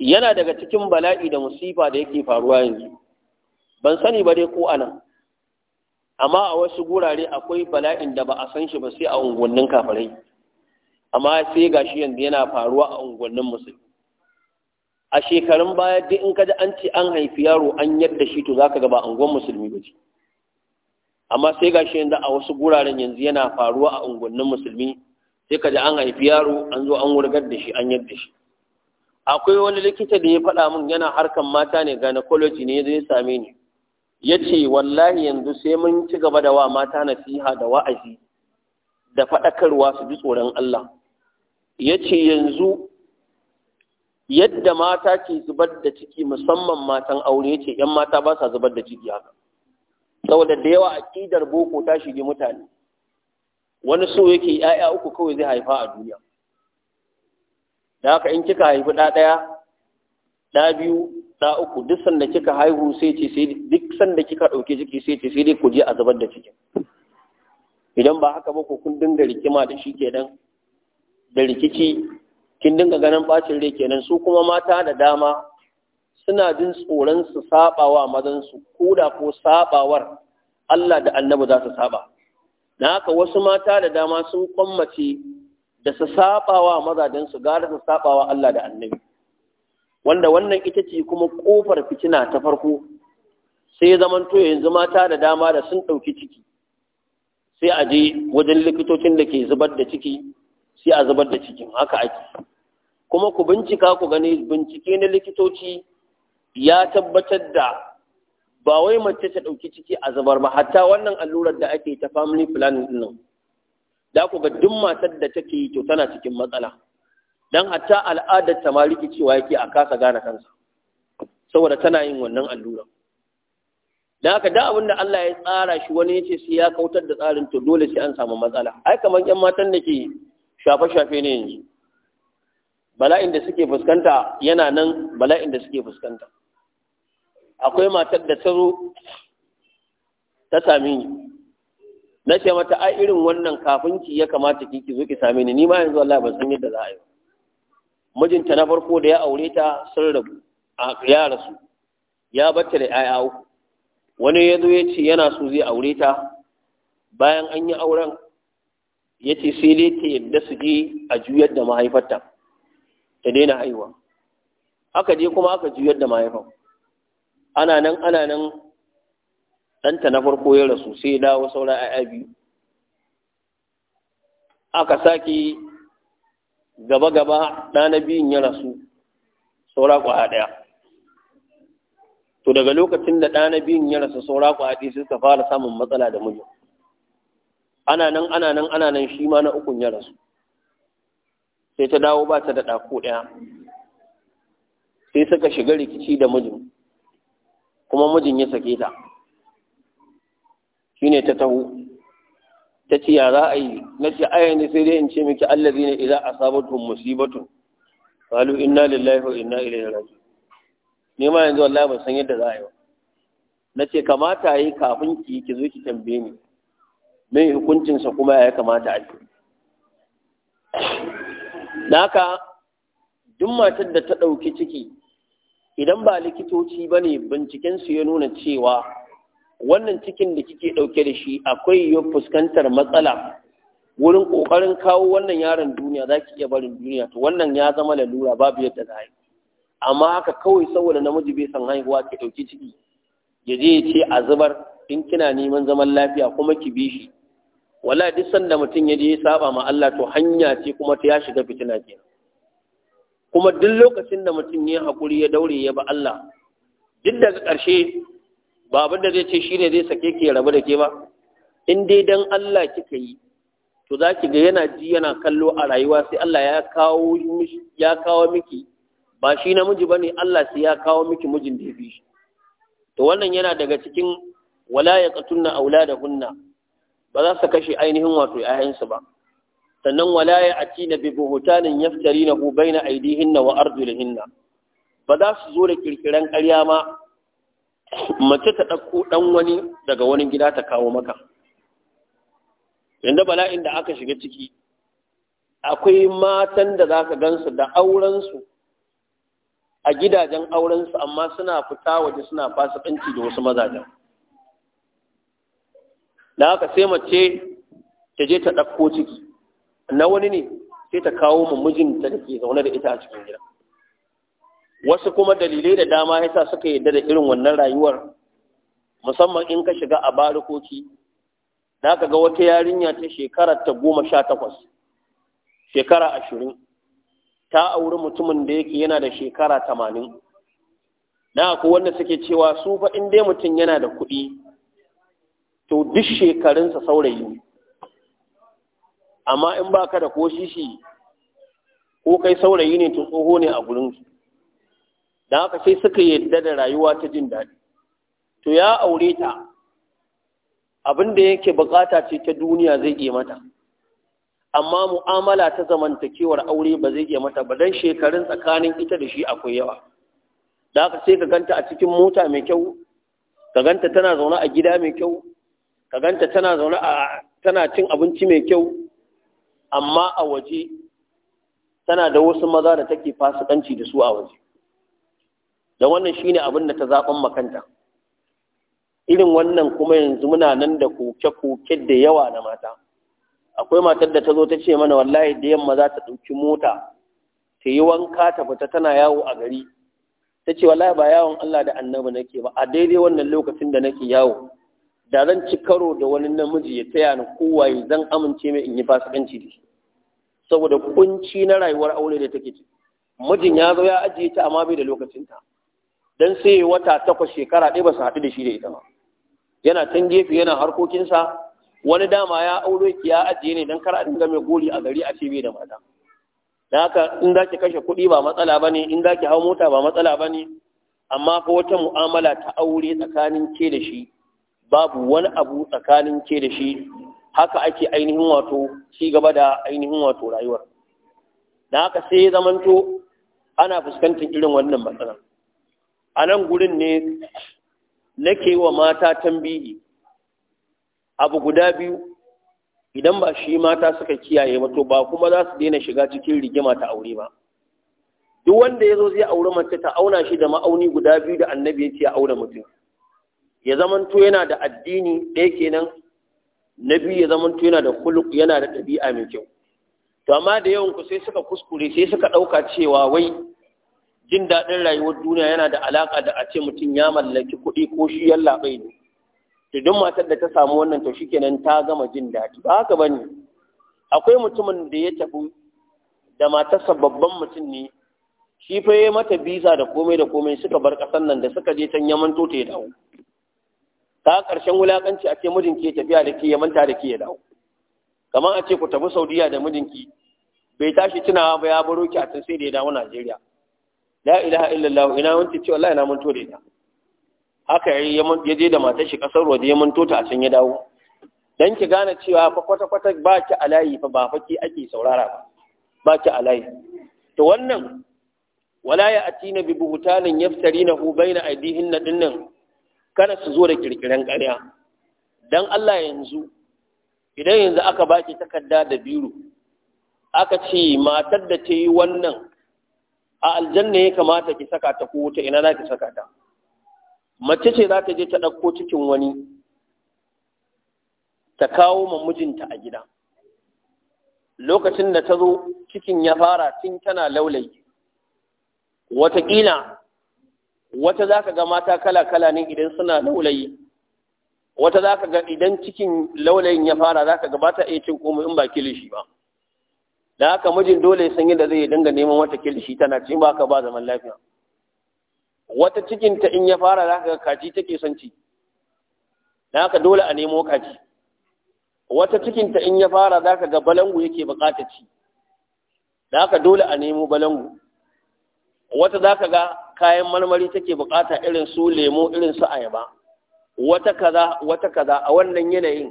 yana daga cikin bala'i da musifa da yake faruwa yanzu ban sani ba dai ko anan amma a wasu gurare akwai bala'in da ba a san shi ba sai a unguwannin kafirai amma sai gashi yanzu yana faruwa a unguwannin musulmi a shekarun baya duk in kaji an ce an haifi yaro an yadda shi to zaka ga ba unguwan musulmi ba ce amma sai gashi yanzu a wasu guraren yanzu yana faruwa a unguwannin musulmi sai ka ji an haifi yaro an zo an wurgar da shi an yadda shi akwai wani likita da ya faɗa min yana harkan mata ne gynecology ne zai same ni ya ce wallahi yanzu sai mun ci gaba da wa mata nasiha da wa'azi da faɗakarwa su ji tsoron Allah ya ce yanzu yadda mata ke zubar da ciki musamman matan aure ya ce ‘yan mata ba sa zubar da ciki haka saboda da yawa aƙidar boko ta shige mutane wani so yake ‘ya'ya uku kawai zai haifa a duniya da haka in kika haifi ɗa ɗaya ɗa biyu ɗa uku duk sanda kika haihu sai ce sai duk sanda kika ɗauke ciki sai ce sai dai ku je a zubar da cikin idan ba haka ba ko kun dinga rikima da shi kenan da rikici kin dinga ganin bacin rai kenan su kuma mata da dama suna jin tsoron su sabawa mazan su koda ko sabawar Allah da Annabi za su saba na haka wasu mata da dama sun kwammace da su saɓawa mazajen su gara su saɓawa Allah da annabi wanda wannan ita ce kuma ƙofar fitina ta farko sai ya zama to yanzu mata da dama da sun ɗauki ciki sai a je wajen likitocin da ke zubar da ciki sai a zubar da cikin haka ake kuma ku bincika ku gani bincike na likitoci ya tabbatar da ba wai mace ta ɗauki ciki a zubar ba hatta wannan allurar da ake ta family planning dinnan, nan da ku ga duk matar da take yi to tana cikin matsala dan hatta al'adar ta maliki cewa yake a kasa gane kansa saboda tana yin wannan allurar da haka da abin da Allah ya tsara shi wani yace sai ya kautar da tsarin to dole sai an samu matsala ai kamar yan matan da ke shafe-shafe ne yanzu bala'in da suke fuskanta yana nan bala'in da suke fuskanta akwai matar da ta zo ta sami ni na ce mata a irin wannan kafin ki ya kamata ki zo ki sami ni ni ma yanzu Allah ban san yadda za a yi mijinta na farko da ya aure ta sun rabu a yara su ya bata da ƴaƴa uku wani ya zo ya ce yana so zai aure ta bayan an yi auren ya ce sai dai ta yadda su je a juyar da mahaifarta ta daina haihuwa aka je kuma aka juyar da mahaifarta ana nan ana nan ɗanta na farko ya rasu sai ya dawo saura a biyu aka sake gaba-gaba ɗana biyun ya rasu saura kwa ɗaya to daga lokacin da ɗana biyun ya rasu saura kwa ɗaya sai suka fara samun matsala da mijin ana nan ana nan ana nan shi ma na ukun ya rasu sai ta dawo ba ta da ɗako ɗaya sai suka shiga rikici da mijin kuma mijin ya sake ta shine ta taho ta ce ya za a yi na ce aya sai dai in ce miki allazi ne idan asabatun musibatun qalu inna lillahi wa inna ilaihi raji ne ma yanzu wallahi ban san yadda za a yi ba na ce kamata yi kafin ki ki zo ki tambaye ni mai hukuncinsa kuma ya kamata a yi da haka duk matar da ta ɗauki ciki idan ba likitoci ba ne bincikensu ya nuna cewa wannan cikin da kike ɗauke da shi akwai yi fuskantar matsala wurin ƙoƙarin kawo wannan yaron duniya za ki iya barin duniya to wannan ya zama lalura babu yadda za yi amma haka kawai saboda namiji bai san haihuwa ki ɗauki ciki ya je ce a zubar in kina neman zaman lafiya kuma ki bi shi wala duk sanda mutum ya je ya saba ma Allah to hanya ce kuma ta ya shiga fitina kenan kuma duk lokacin da mutum ya haƙuri ya daure ya ba Allah duk daga ƙarshe ba abin da zai ce shi ne zai sake ke rabu da ke ba in dai dan Allah kika yi to za ki ga yana ji yana kallo a rayuwa sai Allah ya kawo ya kawo miki ba shi namiji bane Allah sai ya kawo miki mijin da yafi shi to wannan yana daga cikin wala da auladahunna ba za su kashe ainihin wato 'ya'yansu ba sannan wala ya ati na bi buhutanin yaftari na hu aidi aidihinna wa arjulihinna ba za su zo da kirkiran ƙarya ma mace ta ɗauko ɗan wani daga wani gida ta kawo maka yanda bala'in da aka shiga ciki akwai matan da za ka gansu da aurensu a gidajen aurensu amma suna fita waje suna fasa fasikanci da wasu mazajen da haka sai mace ta je ta ɗauko ciki na wani ne sai ta kawo mu mijinta da ke zaune da ita a cikin gida wasu kuma dalilai da dama yasa suka yarda da irin wannan rayuwar musamman in ka shiga a barikoki na ka ga wata yarinya ta shekarar ta goma sha takwas shekara ashirin ta auri mutumin da yake yana da shekara tamanin na ku wanda suke cewa su fa in dai mutum yana da kuɗi to duk shekarunsa saurayi amma in ba ka da koshishi, ko kai saurayi ne tun tsoho ne a gurin su dan haka sai suka yadda da rayuwa ta jin daɗi to ya aure ta abin da yake bukata ce ta duniya zai iya mata amma mu'amala ta zamantakewar aure ba zai iya mata ba dan shekarun tsakanin ita da shi akwai yawa da haka sai ka ganta a cikin mota mai kyau ka ganta tana zaune a gida mai kyau ka ganta tana zaune a tana cin abinci mai kyau amma a waje tana da wasu maza da take fasikanci da su a waje da wannan shine abin da ta zaben makanta irin wannan kuma yanzu muna nan da koke-koke da yawa na mata akwai matar da ta zo ta ce mana wallahi da yamma za ta ɗauki mota ta yi wanka ta fita tana yawo a gari ta ce wallahi ba yawon Allah da annabi nake ba a daidai wannan lokacin da nake yawo da zan ci karo da wani namiji ya taya ni kowaye zan amince mai in yi fasikanci da shi saboda kunci na rayuwar aure da take ciki mijin ya zo ya ajiye ta amma bai da lokacinta dan sai wata takwas shekara ɗaya ba su haɗu da shi da ita ba yana can gefe yana harkokinsa wani dama ya aure ki ya ajiye ne dan kar a dinga mai goli a gari a ce bai da mata dan haka in za ki kashe kuɗi ba matsala bane in za ki hau mota ba matsala bane amma fa wata mu'amala ta aure tsakanin ke da shi babu wani abu tsakanin ke da shi haka ake ainihin wato ci gaba da ainihin wato rayuwar da haka sai ya zamanto ana fuskantar irin wannan matsala a nan gurin ne nake wa mata tambihi abu guda biyu idan ba shi mata suka kiyaye mato, ba kuma za su daina shiga cikin rigima ta aure ba duk wanda ya zo zai aure mace ta auna shi da ma'auni guda biyu da annabi ya ce ya aure mutum ya zamanto yana da addini ɗaya kenan na biyu ya zama yana da kuluk yana da ɗabi'a mai kyau to amma da yawan ku sai suka kuskure sai suka ɗauka cewa wai jin daɗin rayuwar duniya yana da alaƙa da a ce mutum ya mallaki kuɗi ko shi yallaɓai ne to duk matar da ta samu wannan to kenan ta gama jin daɗi ba haka bane akwai mutumin da ya tafi da matarsa babban mutum ne shi fa ya mata biza da komai da komai suka bar ƙasar nan da suka je can ya manto ta ya dawo ka ƙarshen wulaƙanci a ce mijinki ya tafiya da ke ya manta da ke ya dawo kamar a ce ku tafi saudiya da mijinki bai tashi tunawa ba ya baro ki a can sai da ya dawo najeriya la ilaha illallah ina wanti ce wallahi na manto da ita haka ya je da matar shi kasar waje ya manto ta a can ya dawo dan ki gane cewa fa kwata kwata ba ki alayi fa ba fa ki ake saurara ba ba ki alayi to wannan wala ya atina bi buhtanin yaftarinahu baina aydihin dinnan kada su zo da kirkiren ƙarya Don Allah yanzu idan yanzu aka baki takarda da biro aka ce matar da ta yi wannan a aljanna ya kamata ki saka ta ko ta ina za ki saka ta mace ce za ta je ta ɗauko cikin wani ta kawo ma mijinta a gida lokacin da ta zo cikin ya fara tun tana laulayi watakila wata za ka ga mata kala-kala ne idan suna laulayi wata za ka ga idan cikin laulayin ya fara za ka gabata iya cin komai in ba kilishi ba da haka mijin dole san yadda zai dinga neman wata kilishi tana cin ba ka ba zaman lafiya wata cikinta in ya fara za ka ga kaji take son ci da haka dole a nemo kaji wata cikinta in ya fara za ka ga balangu yake bukata ci da haka dole a nemo balangu wata za ka ga kayan marmari take bukata irin su lemo irin su ayaba wata kaza wata kaza a wannan yanayin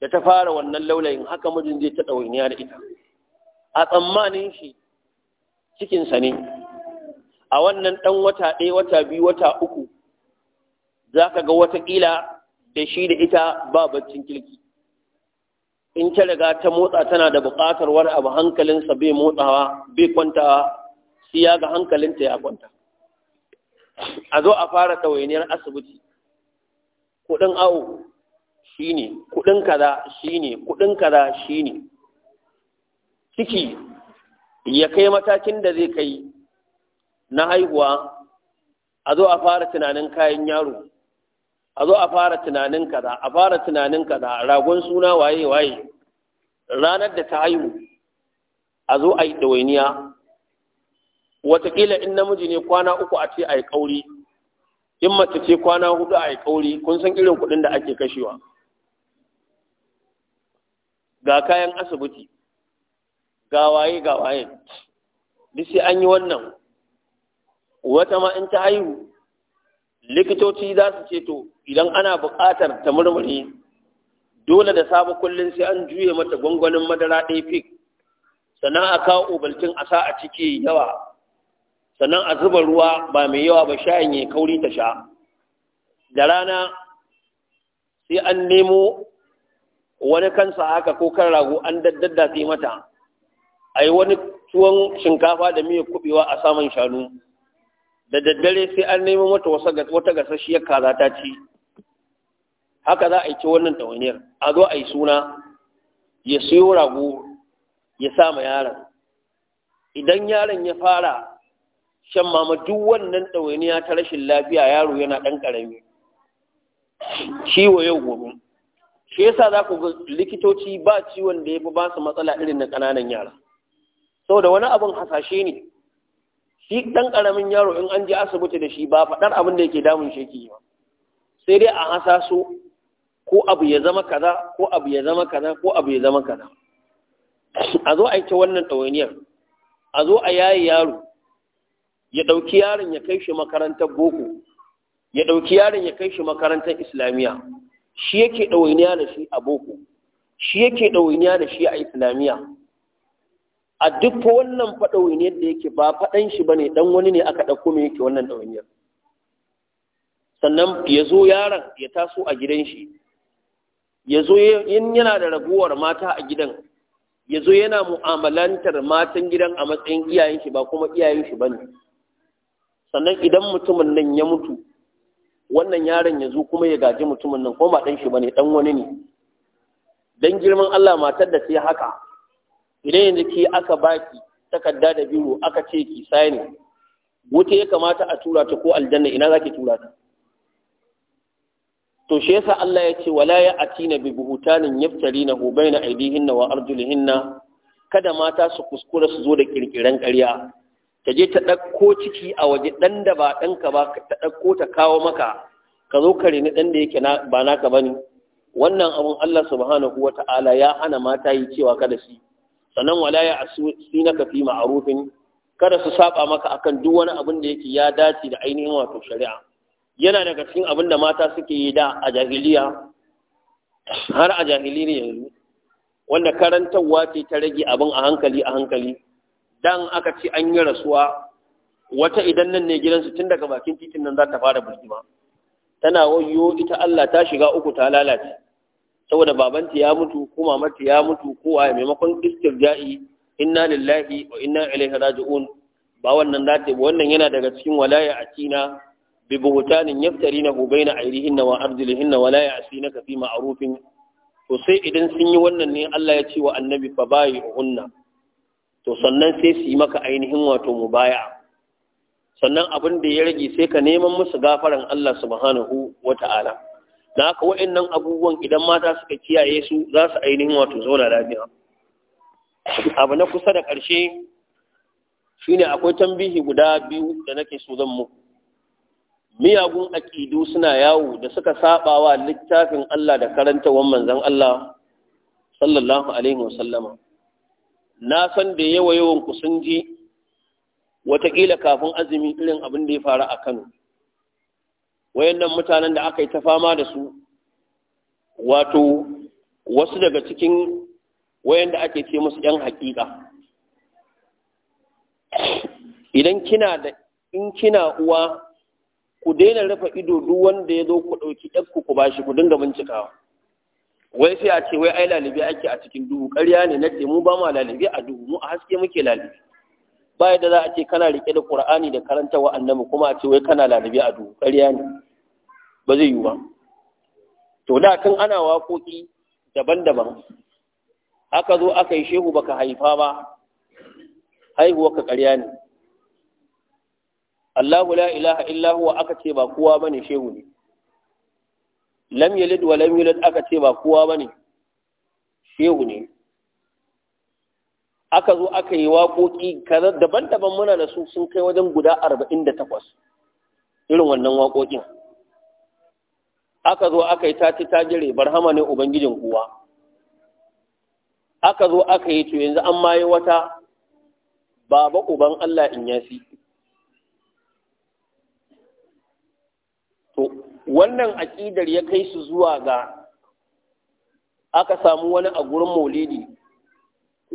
da ta fara wannan laulayin haka mijin zai ta ɗawainiya da ita a tsammanin shi cikinsa ne a wannan ɗan wata ɗaya wata biyu wata uku za ka ga watakila da shi da ita ba baccin kirki in ta riga ta motsa tana da buƙatar wani abu hankalinsa bai motsawa bai kwantawa shi ya ga hankalinta ya kwanta a zo a fara tawainiyar asibiti kudin awo shi ne kudin kaza shi ne kudin kaza shi ne ciki ya kai matakin da zai kai na haihuwa a zo a fara tunanin kayan yaro a zo a fara tunanin kaza a fara tunanin kaza ragon suna waye waye ranar da ta haihu a zo a yi ɗawainiya Wataƙila in namiji ne kwana uku a ce a yi ƙauri. in mace ce kwana hudu a yi ƙauri? kun san irin kuɗin da ake kashewa ga kayan asibiti ga waye ga waye duk sai an yi wannan wata ma in ta haihu likitoci za su ce to idan ana buƙatar ta murmure dole da sabu kullum sai an juye mata gwangwanin madara ɗaya fik sannan a kawo obaltin a sa a ciki yawa sannan a zuba ruwa ba mai yawa ba sha'in ya kauri ta sha da rana sai an nemo wani kansa haka ko kan rago an daddada sai mata a yi wani tuwon shinkafa da miyar kubewa a saman shanu da daddare sai an nemo mata wata gasasshiyar kaza ta ci haka za a yi ci wannan tawaniyar a zo a yi suna ya siyo rago ya sa ma yaron idan yaron ya fara shan mama duk wannan ɗawainiya ta rashin lafiya yaro yana ɗan ƙarami ciwo yau gobe shi yasa za ku ga likitoci ba ciwon da ya fi ba su matsala irin na ƙananan yara saboda wani abin hasashe ne shi ɗan ƙaramin yaro in an je asibiti da shi ba faɗar abin da yake damun shi yake ba sai dai a hasaso ko abu ya zama kaza ko abu ya zama kaza ko abu ya zama kaza a zo a yi ta wannan ɗawainiyar a zo a yayi yaro ya ɗauki yaron ya kai shi makarantar boko ya ɗauki yaron ya kai shi makarantar islamiyya shi yake ɗawainiya da shi a boko shi yake ɗawainiya da shi a islamiyya a duk fa wannan faɗawainiyar da yake ba faɗan shi ba ne ɗan wani ne aka ɗauko mai yake wannan ɗawainiyar sannan ya zo yaron ya taso a gidan shi ya zo in yana da raguwar mata a gidan ya zo yana mu'amalantar matan gidan a matsayin iyayen shi ba kuma iyayen shi ba ne sannan idan mutumin nan ya mutu wannan yaron ya zo kuma ya gaji mutumin nan ko ba ɗan shi ne ɗan wani ne dan girman Allah matar da sai haka idan yanzu ke aka baki takarda da biro aka ce ki sani wuta ya kamata a tura ta ko aljanna ina zaki tura ta to shi yasa Allah ya ce wala ya na bi buhutanin na baina na wa arjulihinna kada mata su kuskura su zo da kirkiran ƙarya ta je ta ɗauko ciki a waje ɗan da ba ɗanka ba ta ɗauko ta kawo maka ka zo ka reni ɗan da yake ba naka ba ne wannan abin Allah subhanahu wa ta'ala ya hana mata yi cewa kada shi sannan wala ya asiri na kafi ma'arufin kada su saba maka akan duk wani abin da yake ya dace da ainihin wato shari'a yana daga cikin abin da mata suke yi da a jahiliya har a jahiliya yanzu wanda karantarwa ce ta rage abin a hankali a hankali dan aka ci an yi rasuwa wata idan nan ne gidansu tun daga bakin titin nan za ta fara burgima tana wayo ita Allah ta shiga uku ta lalace saboda babanta ya mutu ko mamarta ya mutu ko a maimakon istirja'i inna lillahi wa inna ilaihi raji'un ba wannan za ta wannan yana daga cikin walaya atina bi buhutanin yaftarina hu baina airihinna wa arjulihinna wala ka fi ma'rufin to sai idan sun yi wannan ne Allah ya ce wa annabi fa hunna to sannan sai su yi maka ainihin wato mu baya. sannan abin da ya rage sai ka neman musu gafaran Allah subhanahu wa ta'ala. da haka wa'annan abubuwan idan mata suka kiyaye su za su ainihin wato zauna lafiya abu na kusa da ƙarshe shi ne akwai tambihi guda biyu da nake so zan muku miyagun aƙidu suna yawo da suka wa littafin Allah da karanta manzon Allah sallallahu alaihi wasallama na san da yawa yawan ku sun ji watakila kafin azumi irin abin da ya faru a Kano wayannan mutanen da aka yi ta fama da su wato wasu daga cikin wayanda ake ce musu ‘yan haƙiƙa. Idan kina da in kina uwa, ku daina rufe ido duk wanda ya zo ku ɗauki ‘yarku ku bashi ku dinga bincikawa. wai sai a ce wai ai lalibi ake a cikin duhu ƙarya ne na ce mu ba mu lalibi a duhu mu a haske muke lalibi ba yadda za a ce kana rike da qur'ani da karanta wa annabi kuma a ce wai kana lalibi a duhu ƙarya ne ba zai yi ba to da kan ana waƙoƙi daban-daban aka zo aka yi shehu baka haifa ba haihuwa ka ƙarya ne Allahu la ilaha illa huwa aka ce ba kowa bane shehu ne lam yalid wa lam yulad aka ce ba kowa bane shehu ne aka zo aka yi waƙoƙi kaza daban-daban muna da su sun kai wajen guda arba'in irin wannan waƙoƙin aka zo aka yi ta jire, barhama ne ubangijin kowa aka zo aka yi to yanzu an yi wata baba uban Allah in yasi wannan aƙidar ya kai su zuwa ga aka samu wani a gurin maulidi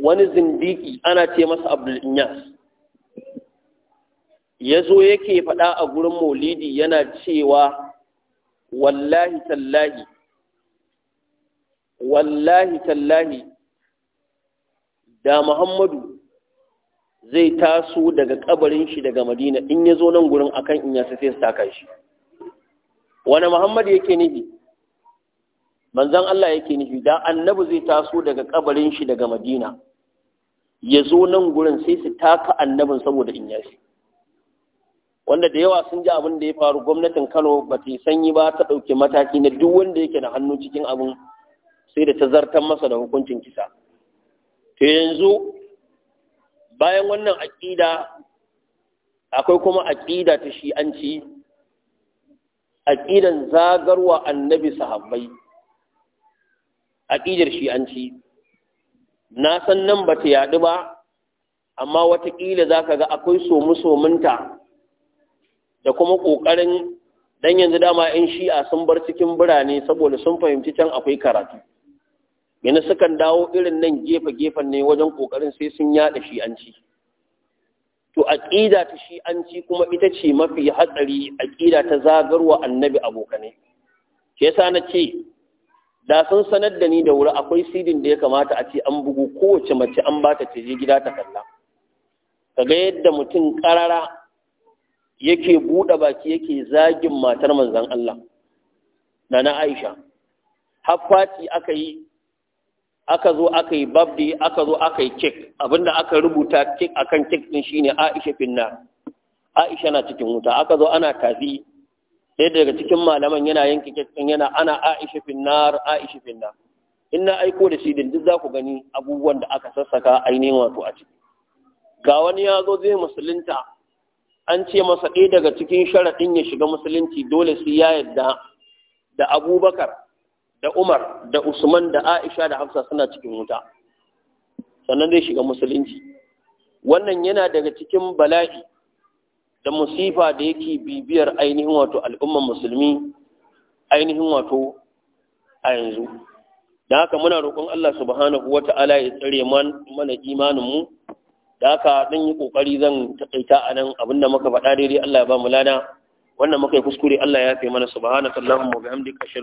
wani zindiki ana ce masa abdullinyas ya zo yake faɗa a gurin maulidi yana cewa wallahi tallahi wallahi tallahi da muhammadu zai taso daga kabarin shi daga madina in ya zo nan gurin akan in ya sai su taka shi wani muhammad yake nufi manzan Allah yake nufi da annabi zai taso daga kabarin shi daga madina ya zo nan gurin sai su taka annabin saboda in yashi wanda da yawa sun ji abin da ya faru gwamnatin kano ba ta sanyi ba ta ɗauki mataki na duk wanda yake da hannu cikin abin sai da ta zartar masa da hukuncin kisa to yanzu bayan wannan aƙida akwai kuma aƙida ta shi'anci aqidan zagarwa annabi sahabbai aƙidar shi'anci na san nan ba ta yaɗu ba amma watakila za ka ga akwai somu-somunta da kuma ƙoƙarin dan yanzu dama in shi'a sun bar cikin birane saboda sun fahimci can akwai karatu yana sukan dawo irin nan gefe-gefen ne wajen ƙoƙarin sai sun yaɗa shi'anci to aqida ta shi'anci kuma ita ce mafi hatsari aqida ta zagarwa annabi abokanai Ke yasa na ce da sun sanar da ni da wuri akwai sidin da ya kamata a ce an bugu kowace mace an ba ta je gida ta kalla kaga yadda mutum karara yake buɗe baki yake zagin matar manzon Allah da Aisha har fati aka yi aka zo aka yi babdi aka zo aka yi kek abinda aka rubuta kek akan kek din shine Aisha finna Aisha na cikin wuta aka zo ana tafi sai daga cikin malaman yana yanki kek din yana ana Aisha finnar Aisha finna. in na aiko da shi din duk za ku gani abubuwan da aka sassaka ainihin wato a ciki ga wani ya zo zai musulunta an ce masa ɗaya daga cikin sharaɗin ya shiga musulunci dole sai ya yarda da abubakar da Umar da Usman da Aisha da Hafsa suna cikin wuta sannan zai shiga musulunci wannan yana daga cikin bala'i da musifa da yake bibiyar ainihin wato al'umman musulmi ainihin wato a yanzu da haka muna roƙon Allah subhanahu wata'ala ya tsare mana mu da haka dan yi ƙoƙari zan taƙaita a nan abinda muka faɗa daidai Allah ya ba mu lada wannan muka yi kuskure Allah ya fi mana subhanahu wa bihamdika